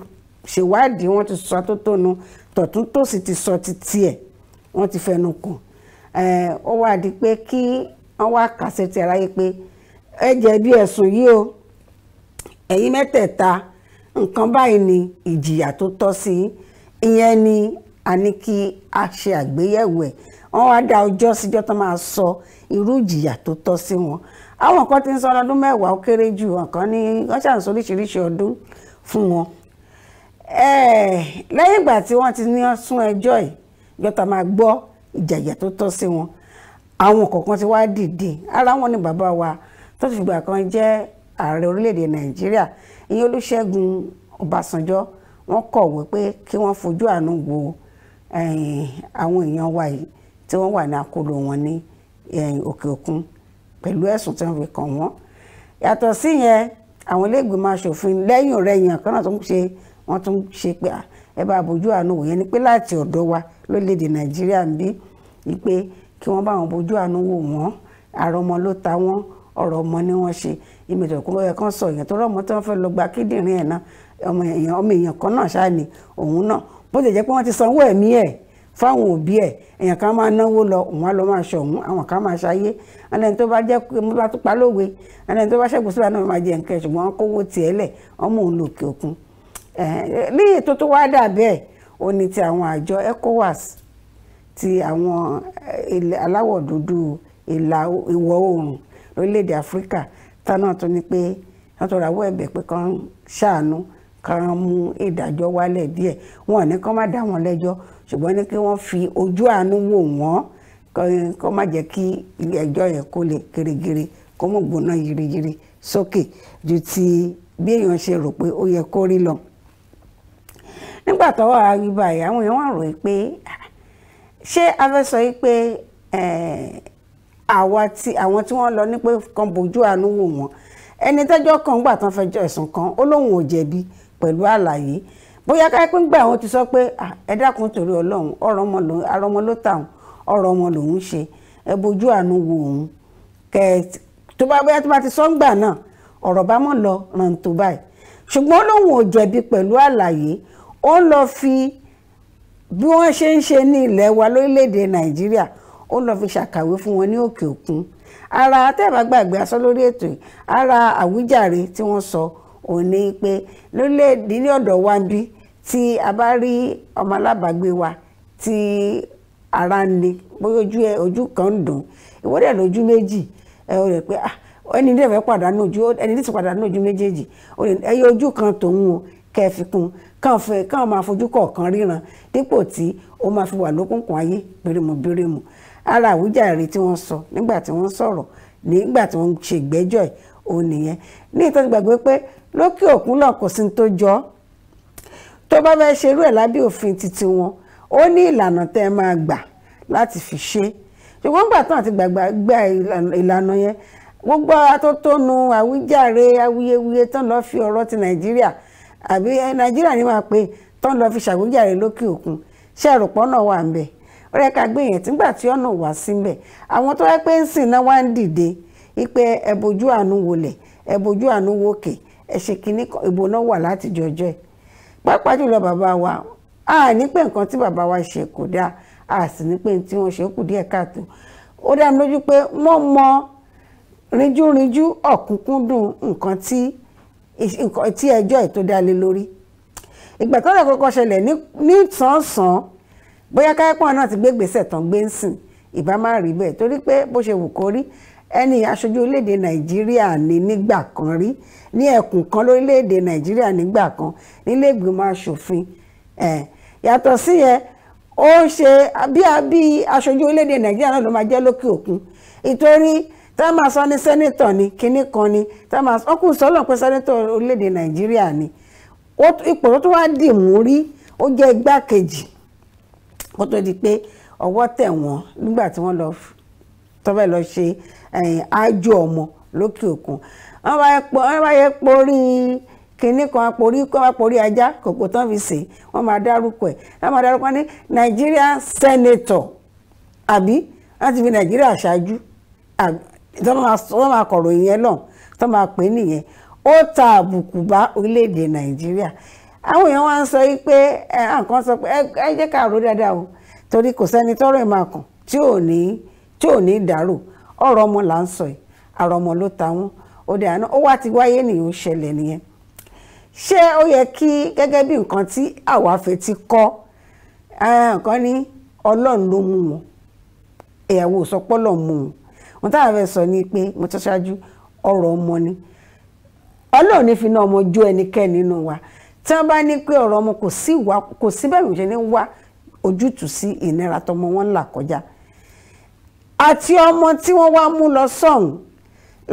ṣèwádìí wọ́n ti sọ tó tónu tọ̀tún tòsì ti sọ ti tiẹ̀ wọ́n ti fẹnu kàn ó wá di pé kí wọ́n wá kàṣẹ ti aráyé pé ẹ jẹ̀bi ẹ̀sùn yìí o ẹ̀yin mẹ́tẹ̀ẹ̀ta nǹkan báyìí ni ìjìyà tó tọ́ sí ìyẹn ni a ní kí a ṣe àgbéyẹ̀wò ẹ̀ wọ́n wá dá ọjọ́ síjọ́ tó máa sọ irú ìjìyà tó tọ́ sí wọn àwọn kan ti ń sọ ọdún mẹ́wàá ó kéré jù ọ̀kan ní wọ́n ṣàǹsọ oríṣiríṣi ọdún fún wọn Eh, lẹ́yìn ìgbà tí wọ́n ti ní sún ẹjọ́ yìí jọta máa gbọ́ ìjàyà tó tọ́ sí wọn àwọn kọ̀ọ̀kan ti wá dìde ara wọn ni bàbá wa tó ti fìgbà kan jẹ́ ààrẹ orílẹ̀-èdè nàìjíríà ìyẹn olúṣẹ́gun ọbásanjọ́ wọ́n kọ̀wé pé kí wọ́n fojú àánú wo eh, àwọn èèyàn wa yìí tí wọ́n wà ní àkóló wọn ní eh, òkè òkun pẹ̀lú ẹ̀sùn tí wọ́n fi kàn wọ́n yàtọ̀ sí yẹn àwọn ilé ìgbìmọ̀ asòfin lẹ́yìn ọ̀rẹ́yìn kan náà tó ń ṣe wọ́n tún ṣe pé ẹ bá bójú àánú wò yẹn ni pé láti ọ̀dọ̀ wa lórílẹ̀‐èdè nàìjíríà ń bí i pé kí wọ́n bá wọn bójú àánú wò wọ́n àrọmọ ló ta wọ́n ọ̀rọ̀ ọmọ ni wọ́n ṣe ìmìtọ̀kùn lọ́yẹ̀ kan sọ èèyàn tó rọ́mọ tí wọ́n fẹ́ lọ gba kíndìnrín ẹ̀ náà ọmọ èèyàn ọmọ èèyàn kan náà ṣáà ni òun náà bó ti jẹ́ pé wọ́n ti sanwó ẹ̀mí ẹ̀ fáwọn òbí ẹ̀ èèyàn kan máa náwó lọ òun á lọ máa ṣọ̀hún àwọn kan máa ṣayé ẹlẹ́ni tó bá jẹ́ pé mo bá tún pa lóòwe ẹlẹ́ni tó bá ṣẹ́gun síbà náà máa jẹ nǹkan ṣùgbọ́n kówó tiẹ̀ lẹ̀ ọmọ òun lòkè òkun ní eh, ètò tó wá dà bẹ́ẹ̀ ó ní ti àwọn àjọ ECOWAS ti àwọn eh, aláwọ̀ dúdú ìlà ìwọ̀ oòrùn lórílẹ̀‐èdè Áfíríkà táná tó ní pé wọ́n tó rawọ́ ẹ̀bẹ̀ pé kán ṣàánú kán mú ìdájọ́ wálẹ̀ díẹ̀ wọn ò ní kán má dá wọn lẹ́jọ́ ṣùgbọ́n ní kí wọ́n fi ojú àánú wò wọ́n kọ́ má jẹ́ kí ẹjọ́ yẹn kó lè gèrègèrè kó mọ̀ gbóná yiriyiri sókè ju ti bí èèyàn ṣe rò pé ó yẹ kó rí lọ nígbà tọ́wọ́ arí báyìí àwọn èèyàn wà ròyìn pé ṣé a fẹ́ sọ yìí pé eh, àwa tí àwọn tí wọ́n lọ ní pé kan bójú àánú wò wọ́n ẹni tẹ́jọ́ kan gbà tán fẹjọ́ ẹ̀sùn kan ó lóun ò jẹ̀bi pẹ̀lú àlàyé bóyá ká pín gbà wọn ti sọ pé ẹ dákun torí Ọlọ́run ọ̀rọ̀ ọmọ ló tà ọ̀rọ̀ ọmọ lòun ṣe ẹ bójú àánú wò òun kẹ tó bá bóyá tó bá ti sọ ń gbà náà ọ̀rọ̀ bá mọ̀ lọ ràn tó báyìí ṣùgbọ́n lòun ò jẹ̀bi pẹ̀lú àlàyé ó lọ fi bí wọ́n ṣe ń ṣe ní ilẹ̀ wa lórílẹ̀‐èdè nàìjíríà ó lọ fi ṣàkàwé fún wọn ní òkè òkun ara tẹ́ẹ̀bá gbàgbé asọ lórí ètò yìí ara àwíjàre tí wọ́n sọ òun ni pé lórílẹ̀‐èdè ní ọ̀dọ̀ wa ń bí tí a bá rí ọmọ alábàágbé wa tí ara ń ni bóyá ojú ẹ ojú kan ń dùn ìwọ́dẹ̀ lójú méjì ẹ o rẹ̀ pé ah, ẹni dẹ̀ fẹ́ pàdánù ojú ẹni tí ti pàdánù ojú méjèèjì ẹyẹ ojú kan tòun o kẹ́ ẹ fi kún un kàn fẹ́ kàn máa fojú kọ̀ọ̀kan ríran dípò tí ó máa fi wà lókùnkùn ayé bírímù bírímù ara àwíjàre tí wọ́n sọ nígbà tí wọ́n sọ̀rọ̀ nígbà tí wọ́n ṣe ìgbẹ́jọ́ ẹ̀ òun nìyẹn ní ìtọ́jú gbàgbé pé lókè òkun náà kò sí tó jọ tó bá fẹ́ ṣerú ẹ̀ lábẹ́ òfin titi wọn ó ní ìlànà tẹ́ ẹ máa gbà láti fi ṣe ṣùgbọ́n gbà tán àti gbàgbà gba ìlànà yẹn gbogbo atótónu àwíjàre awuyewuye tán lọ́ọ́ fi ọ̀rọ̀ ti Nàìjíríà àbí nàìjíríà ni wàá pé tán lọ fi ṣàgbéjáde lókè òkun ṣe àròpọ̀ náà wà ń bẹ̀ ó yẹ ká gbé yẹn tígbà tí ọ̀nà wà síbẹ̀ àwọn tó yẹ pé ń sìn náà wá ń dìde ipe ẹ̀bùjú àánú wọlé ẹ̀bùjú àánú wòkè ẹ̀ṣẹ̀ kìíní ìbò náà wà láti jọjọ́ ẹ̀ pàápàá jùlọ bàbá wa a ní pé nǹkan tí bàbá wa ṣe kò dáa a sì ní pé tí wọ́n ṣe kù díẹ̀ káàtó ó dá mi lójú pé wọ́n mọ rinjúrinjú ọ̀kúnkúndùn nǹkan tí tí ẹjọ́ ẹ̀ tó dá lé lórí ìgbà tó lè kọ́kọ́ ṣẹlẹ̀ nítànsán bóyá káyọ̀pọ̀ náà ti gbé gbèsè tán gbé ń sìn ìbá má rí bẹ́ẹ̀ torí pé bó ṣe wù kó rí ẹni aṣojú orílẹ̀-èdè nàìjíríà ní nígbà kan rí ní ẹkùn kan lórílẹ̀-èdè nàìjíríà nígbà kan nílé ìgbìmọ̀ asòfin yàtọ̀ sí yẹn ó ṣe bí aṣojú orílẹ̀-èdè nàìjíríà náà ló máa jẹ́ lókè òkun ìtorí tá a máa sọ ní sẹ́nítọ̀ ni kinní kan ni tá a máa sọ ọkùnrin sọ́lọ̀ pé sẹ́nítọ̀ orílẹ̀-èdè nàìjíríà ni ipò tó wá dì mú rí ó jẹ́ igbákejì kó tó di pé ọwọ́ tẹ̀ wọ́n nígbà tí wọ́n lọ tọ́bẹ̀ lọ ṣe àjò ọmọ lókè òkun wọ́n bá yẹ porí kìnní kan àpòrí kan àpòrí ajá kòkò tán fi sè wọ́n máa dárúkọ ẹ̀ wọ́n máa dárúkọ ní Nigerian senator àbí láti fi Nàìjíríà ṣáájú tó máa kọ̀rọ̀ yẹn lọ tó máa pè é nìyẹn ó ta àbùkù bá orílẹ̀-èdè nàìjíríà àwọn èèyàn wá ń sọ pé nǹkan sọ pé ẹ jẹ́ ká rò dáadáa o torí kò sẹ́ni tọ́rọ̀ ẹ̀ máa kàn tí ò ní ọ̀rọ̀ ọmọ là ń sọ yìí àrọ̀ ọmọ ló ta ó ti wáyé nìyẹn ó ṣẹlẹ̀ nìyẹn ṣé ó yẹ kí gẹ́gẹ́ bí nǹkan wọn táwọn fẹ́ sọ ni pé mo tọ́ ṣáájú ọ̀rọ̀ ọmọ ni ọlọ́run ní fi ná ọmọ jó ẹnikẹ́ni nínú wa tí wọ́n bá ní pé ọ̀rọ̀ ọmọ kò sí wá kò sí bẹ́ẹ̀ mi ṣe ní wá ojútùú sí ìnira tọmọ wọn là kọjá àti ọmọ tí wọ́n wá mú lọ sọ́hùn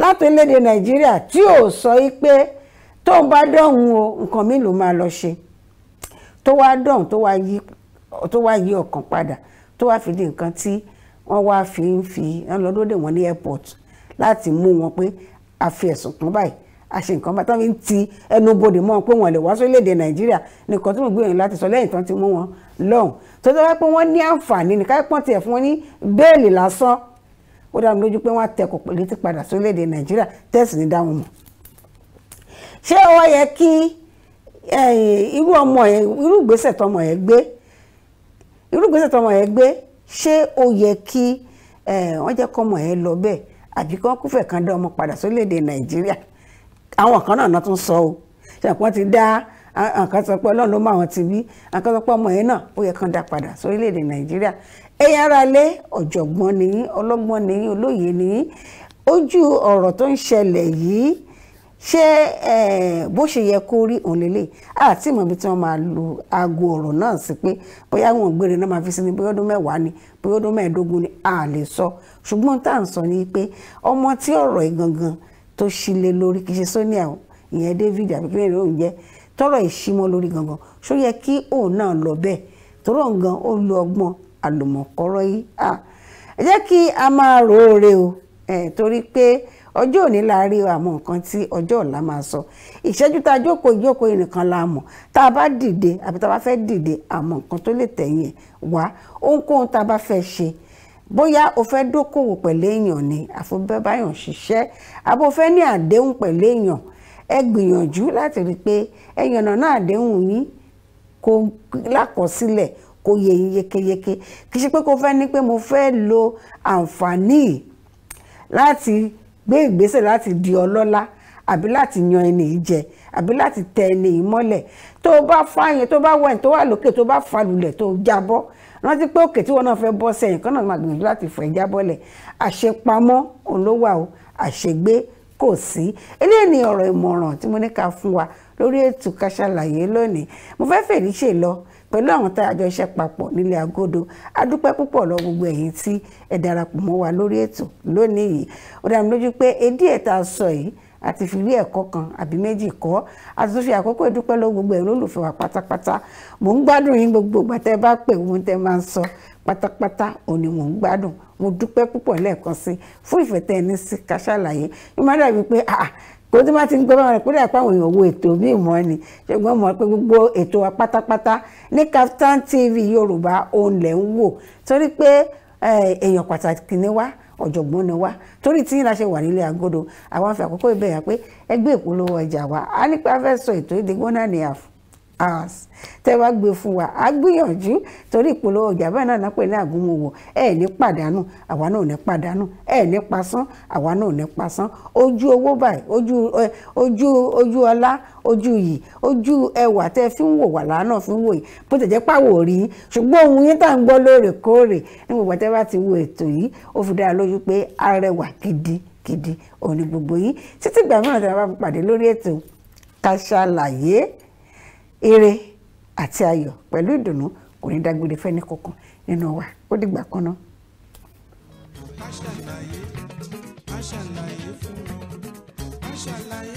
láti nàìjíríà tí ò sọ pé tó ń bá dọ̀hún o nǹkan mi ló máa lọ ṣe tó wá dọ̀hún tó wá yí ọkàn padà tó wá fi nǹkan tí wọ́n wá fi ń fi wọ́n lọ lóde wọn ní airport láti mú wọn pé a fi ẹ̀sùn kan báyìí a ṣe nǹkan báyìí tó fi ń ti ẹnu bodè mọ́ pé wọ́n lè wá sórílẹ̀-èdè nàìjíríà nìkan tó ń gbìyànjú láti sọ lẹ́yìn tán ti mú wọn lọ́hùn tó tọ́ pé wọ́n ní àǹfààní ní káyọ̀pọ̀ tiẹ̀ fún wọn ní bẹ́ẹ̀lì lásán ó dá mi lójú pé wọ́n á tẹkọ̀ pẹ̀lú ti padà sórílẹ̀-èdè nàìjíríà tẹ́sì ní dáhùn mọ̀ ṣé ó yẹ kí irú ọmọ yẹn irú ìgbésẹ̀ tọmọ yẹn gbé irú ìgbésẹ̀ tọmọ yẹn gbé ṣé ó yẹ kí wọ́n jẹ́ kọ́mọ ẹ lọ bẹ́ẹ̀ àbí kí wọ́n kúfẹ̀ kan dá ọmọ padà sórílẹ̀‐èdè nàìjíríà àwọn kan náà tún sọ o ṣe àpọ́n ti dá àǹkan sọ pé ọlọ́run ló mọ àwọn ti bí àǹkan sọ pé ọmọ yẹn náà ó yẹ kán dá padà sórílẹ̀‐èdè nàìjíríà ẹ̀yin ara lé ọ̀jọ̀gbọ́n nìyí ọlọ́gbọ́n nìyí olóye nìyí ojú ọ̀rọ̀ tó ń ṣẹlẹ̀ yìí ṣé eh, bó ṣe yẹ kó rí òun lélẹ̀ àti ìmọ̀ ibi tí wọ́n máa lo aago ọ̀rọ̀ náà sí pé bóyá wọn gbére náà máa fi sí ni bóyá ọdún mẹ́wàá ni bóyá ọdún mẹ́ẹ̀ẹ́dógún ni a lè sọ ṣùgbọ́n tá à ń sọ ni pé ọmọ tí ọ̀rọ̀ ìgangan tó ṣílẹ̀ lórí kì í ṣe Sonia o ìyẹn David àbíkí lè lóun jẹ́ tọrọ ìṣímọ́ lórí gangan ṣó yẹ kí òun náà lọ bẹ́ẹ̀ tọrọ ngan ó lo ọgbọ́n àlùmọ̀kọ́rọ́ yìí ẹ jẹ́ kí a máa rò ó re eh, torí pé ọjọ́ òní la rí àmọ́ nǹkan tí ọjọ́ ọ̀la máa sọ ìṣẹ́jú tá a jókòó ìjókòó nìkan la mọ̀ tá a bá dìde àbí tá a bá fẹ́ dìde àmọ́ nǹkan tó lè tẹ̀yìn wá ohunkóhun tá a bá fẹ́ ṣe bóyá o fẹ́ dókòwò pẹ̀lú èèyàn ni àfọbẹ́báyàn ṣiṣẹ́ àbò fẹ́ ní àdéhùn pẹ̀lú èèyàn ẹ gbìyànjú láti rí i pé ẹ̀yàn náà àdéhùn yín kó lákọsílẹ̀ kó yé yín yékéyéké kì í ṣe pé kó fẹ́ ní pé mo fẹ́ lo àǹfààní láti gbé ìgbésẹ̀ láti di ọlọ́lá àbí láti yan ẹni yìí jẹ àbí láti tẹ ẹni yìí mọ́lẹ̀ tó o bá fààyàn tó o bá wẹ̀yìn tó wà lókè tó o bá falùlẹ̀ tó o jábọ́ rántí pé òkè tí wọn náà fẹ́ bọ́ sẹ́yìn kan náà máa gbìyànjú láti fọ̀ ẹ́ jábọ́lẹ̀ àṣepamọ́ òun ló wà o àṣegbé kò sí eléyìí ni ọ̀rọ̀ ìmọ̀ràn tí mo ní ká fún wa lórí ètò Ká lónìí mo fẹ́ fèrè ṣe lọ pẹ̀lú àwọn tá a jọ ṣe papọ̀ nílé agodo a dúpẹ́ púpọ̀ lọ gbogbo ẹ̀yin tí ẹ darapọ̀ mọ́ wa lórí ètò lónìí yìí ó dá mi lójú pé edí ẹ̀ tá a sọ yìí àti fi wí ẹ̀kọ́ kan àbí méjì kọ́ àti tó fi àkókò ìdúpẹ́ lọ gbogbo ẹ̀rọ olùfẹ́ wa pátápátá mò ń gbádùn yín gbogbo ìgbà tẹ́ bá pè wọ́n tẹ́ máa ń sọ pátápátá òun ni mò ń gbádùn mo dúpẹ́ púpọ̀ lẹ́ẹ̀kan sí fún ìfẹ́ tẹ́ sí ká ṣàlàyé ìmọ̀ dàbí pé kò tí wọ́n ti ń gbọ́ báwọn ìpínlẹ̀ àpá àwọn èèyàn wo ètò míì mọ́ ni ṣùgbọ́n mọ̀ pé gbogbo ètò wa pátápátá ní captain TV Yorùbá òun lẹ̀ ń wò torí pé èèyàn pàtàkì ni wá ọ̀jọ̀gbọ́n ni wá torí tí yín la ṣe wà nílé agodo àwọn afẹ́ àkókò ìbẹ̀yà pé ẹgbẹ́ ìpolówó ọjà wa a ní pé a fẹ́ sọ ètò èdè gbọ́nà ní àfọ̀ hours tẹ́ wá gbé fún wa á gbìyànjú torí ìpolówó ọjà báyìí náà pẹ̀lú àgúnmọ̀wọ̀ ẹ ní pàdánù àwa náà ní pàdánù ẹ ní pasán àwa náà ní pasán ojú owó báyìí ojú ojú ojú ọlá ojú yìí ojú ẹwà tẹ́ fi ń wò wà lánà fi ń wò yìí bó tẹ̀ jẹ́ pàwò rí ṣùgbọ́n ohun yín tá à ń gbọ́ lóòrèkóòrè ní gbogbo tẹ́ bá ti wo ètò yìí ó fi dára lójú pé arẹwà gidigidi òun ni gbogbo yín títí ìgbà mìíràn tí a bá pàdé lórí ètò Ká Sálàyé ire àti ayọ̀ pẹ̀lú ìdùnnú kò ní dágbére fẹ́ni kankan nínú wa ó dìgbà kan náà. a ṣàlàyé a ṣàlàyé fún wọn a ṣàlàyé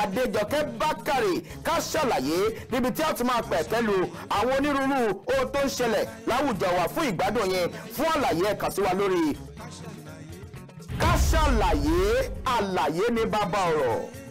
adéjọkẹ́ bákàrè ká ṣàlàyé níbi tí a ti máa pẹ̀ pẹ́lú àwọn onírúurú ohun tó ń ṣẹlẹ̀ láwùjọ wa fún ìgbádùn yẹn fún àlàyé ẹ sí wa lórí ká ṣàlàyé àlàyé ní bàbá ọ̀rọ̀.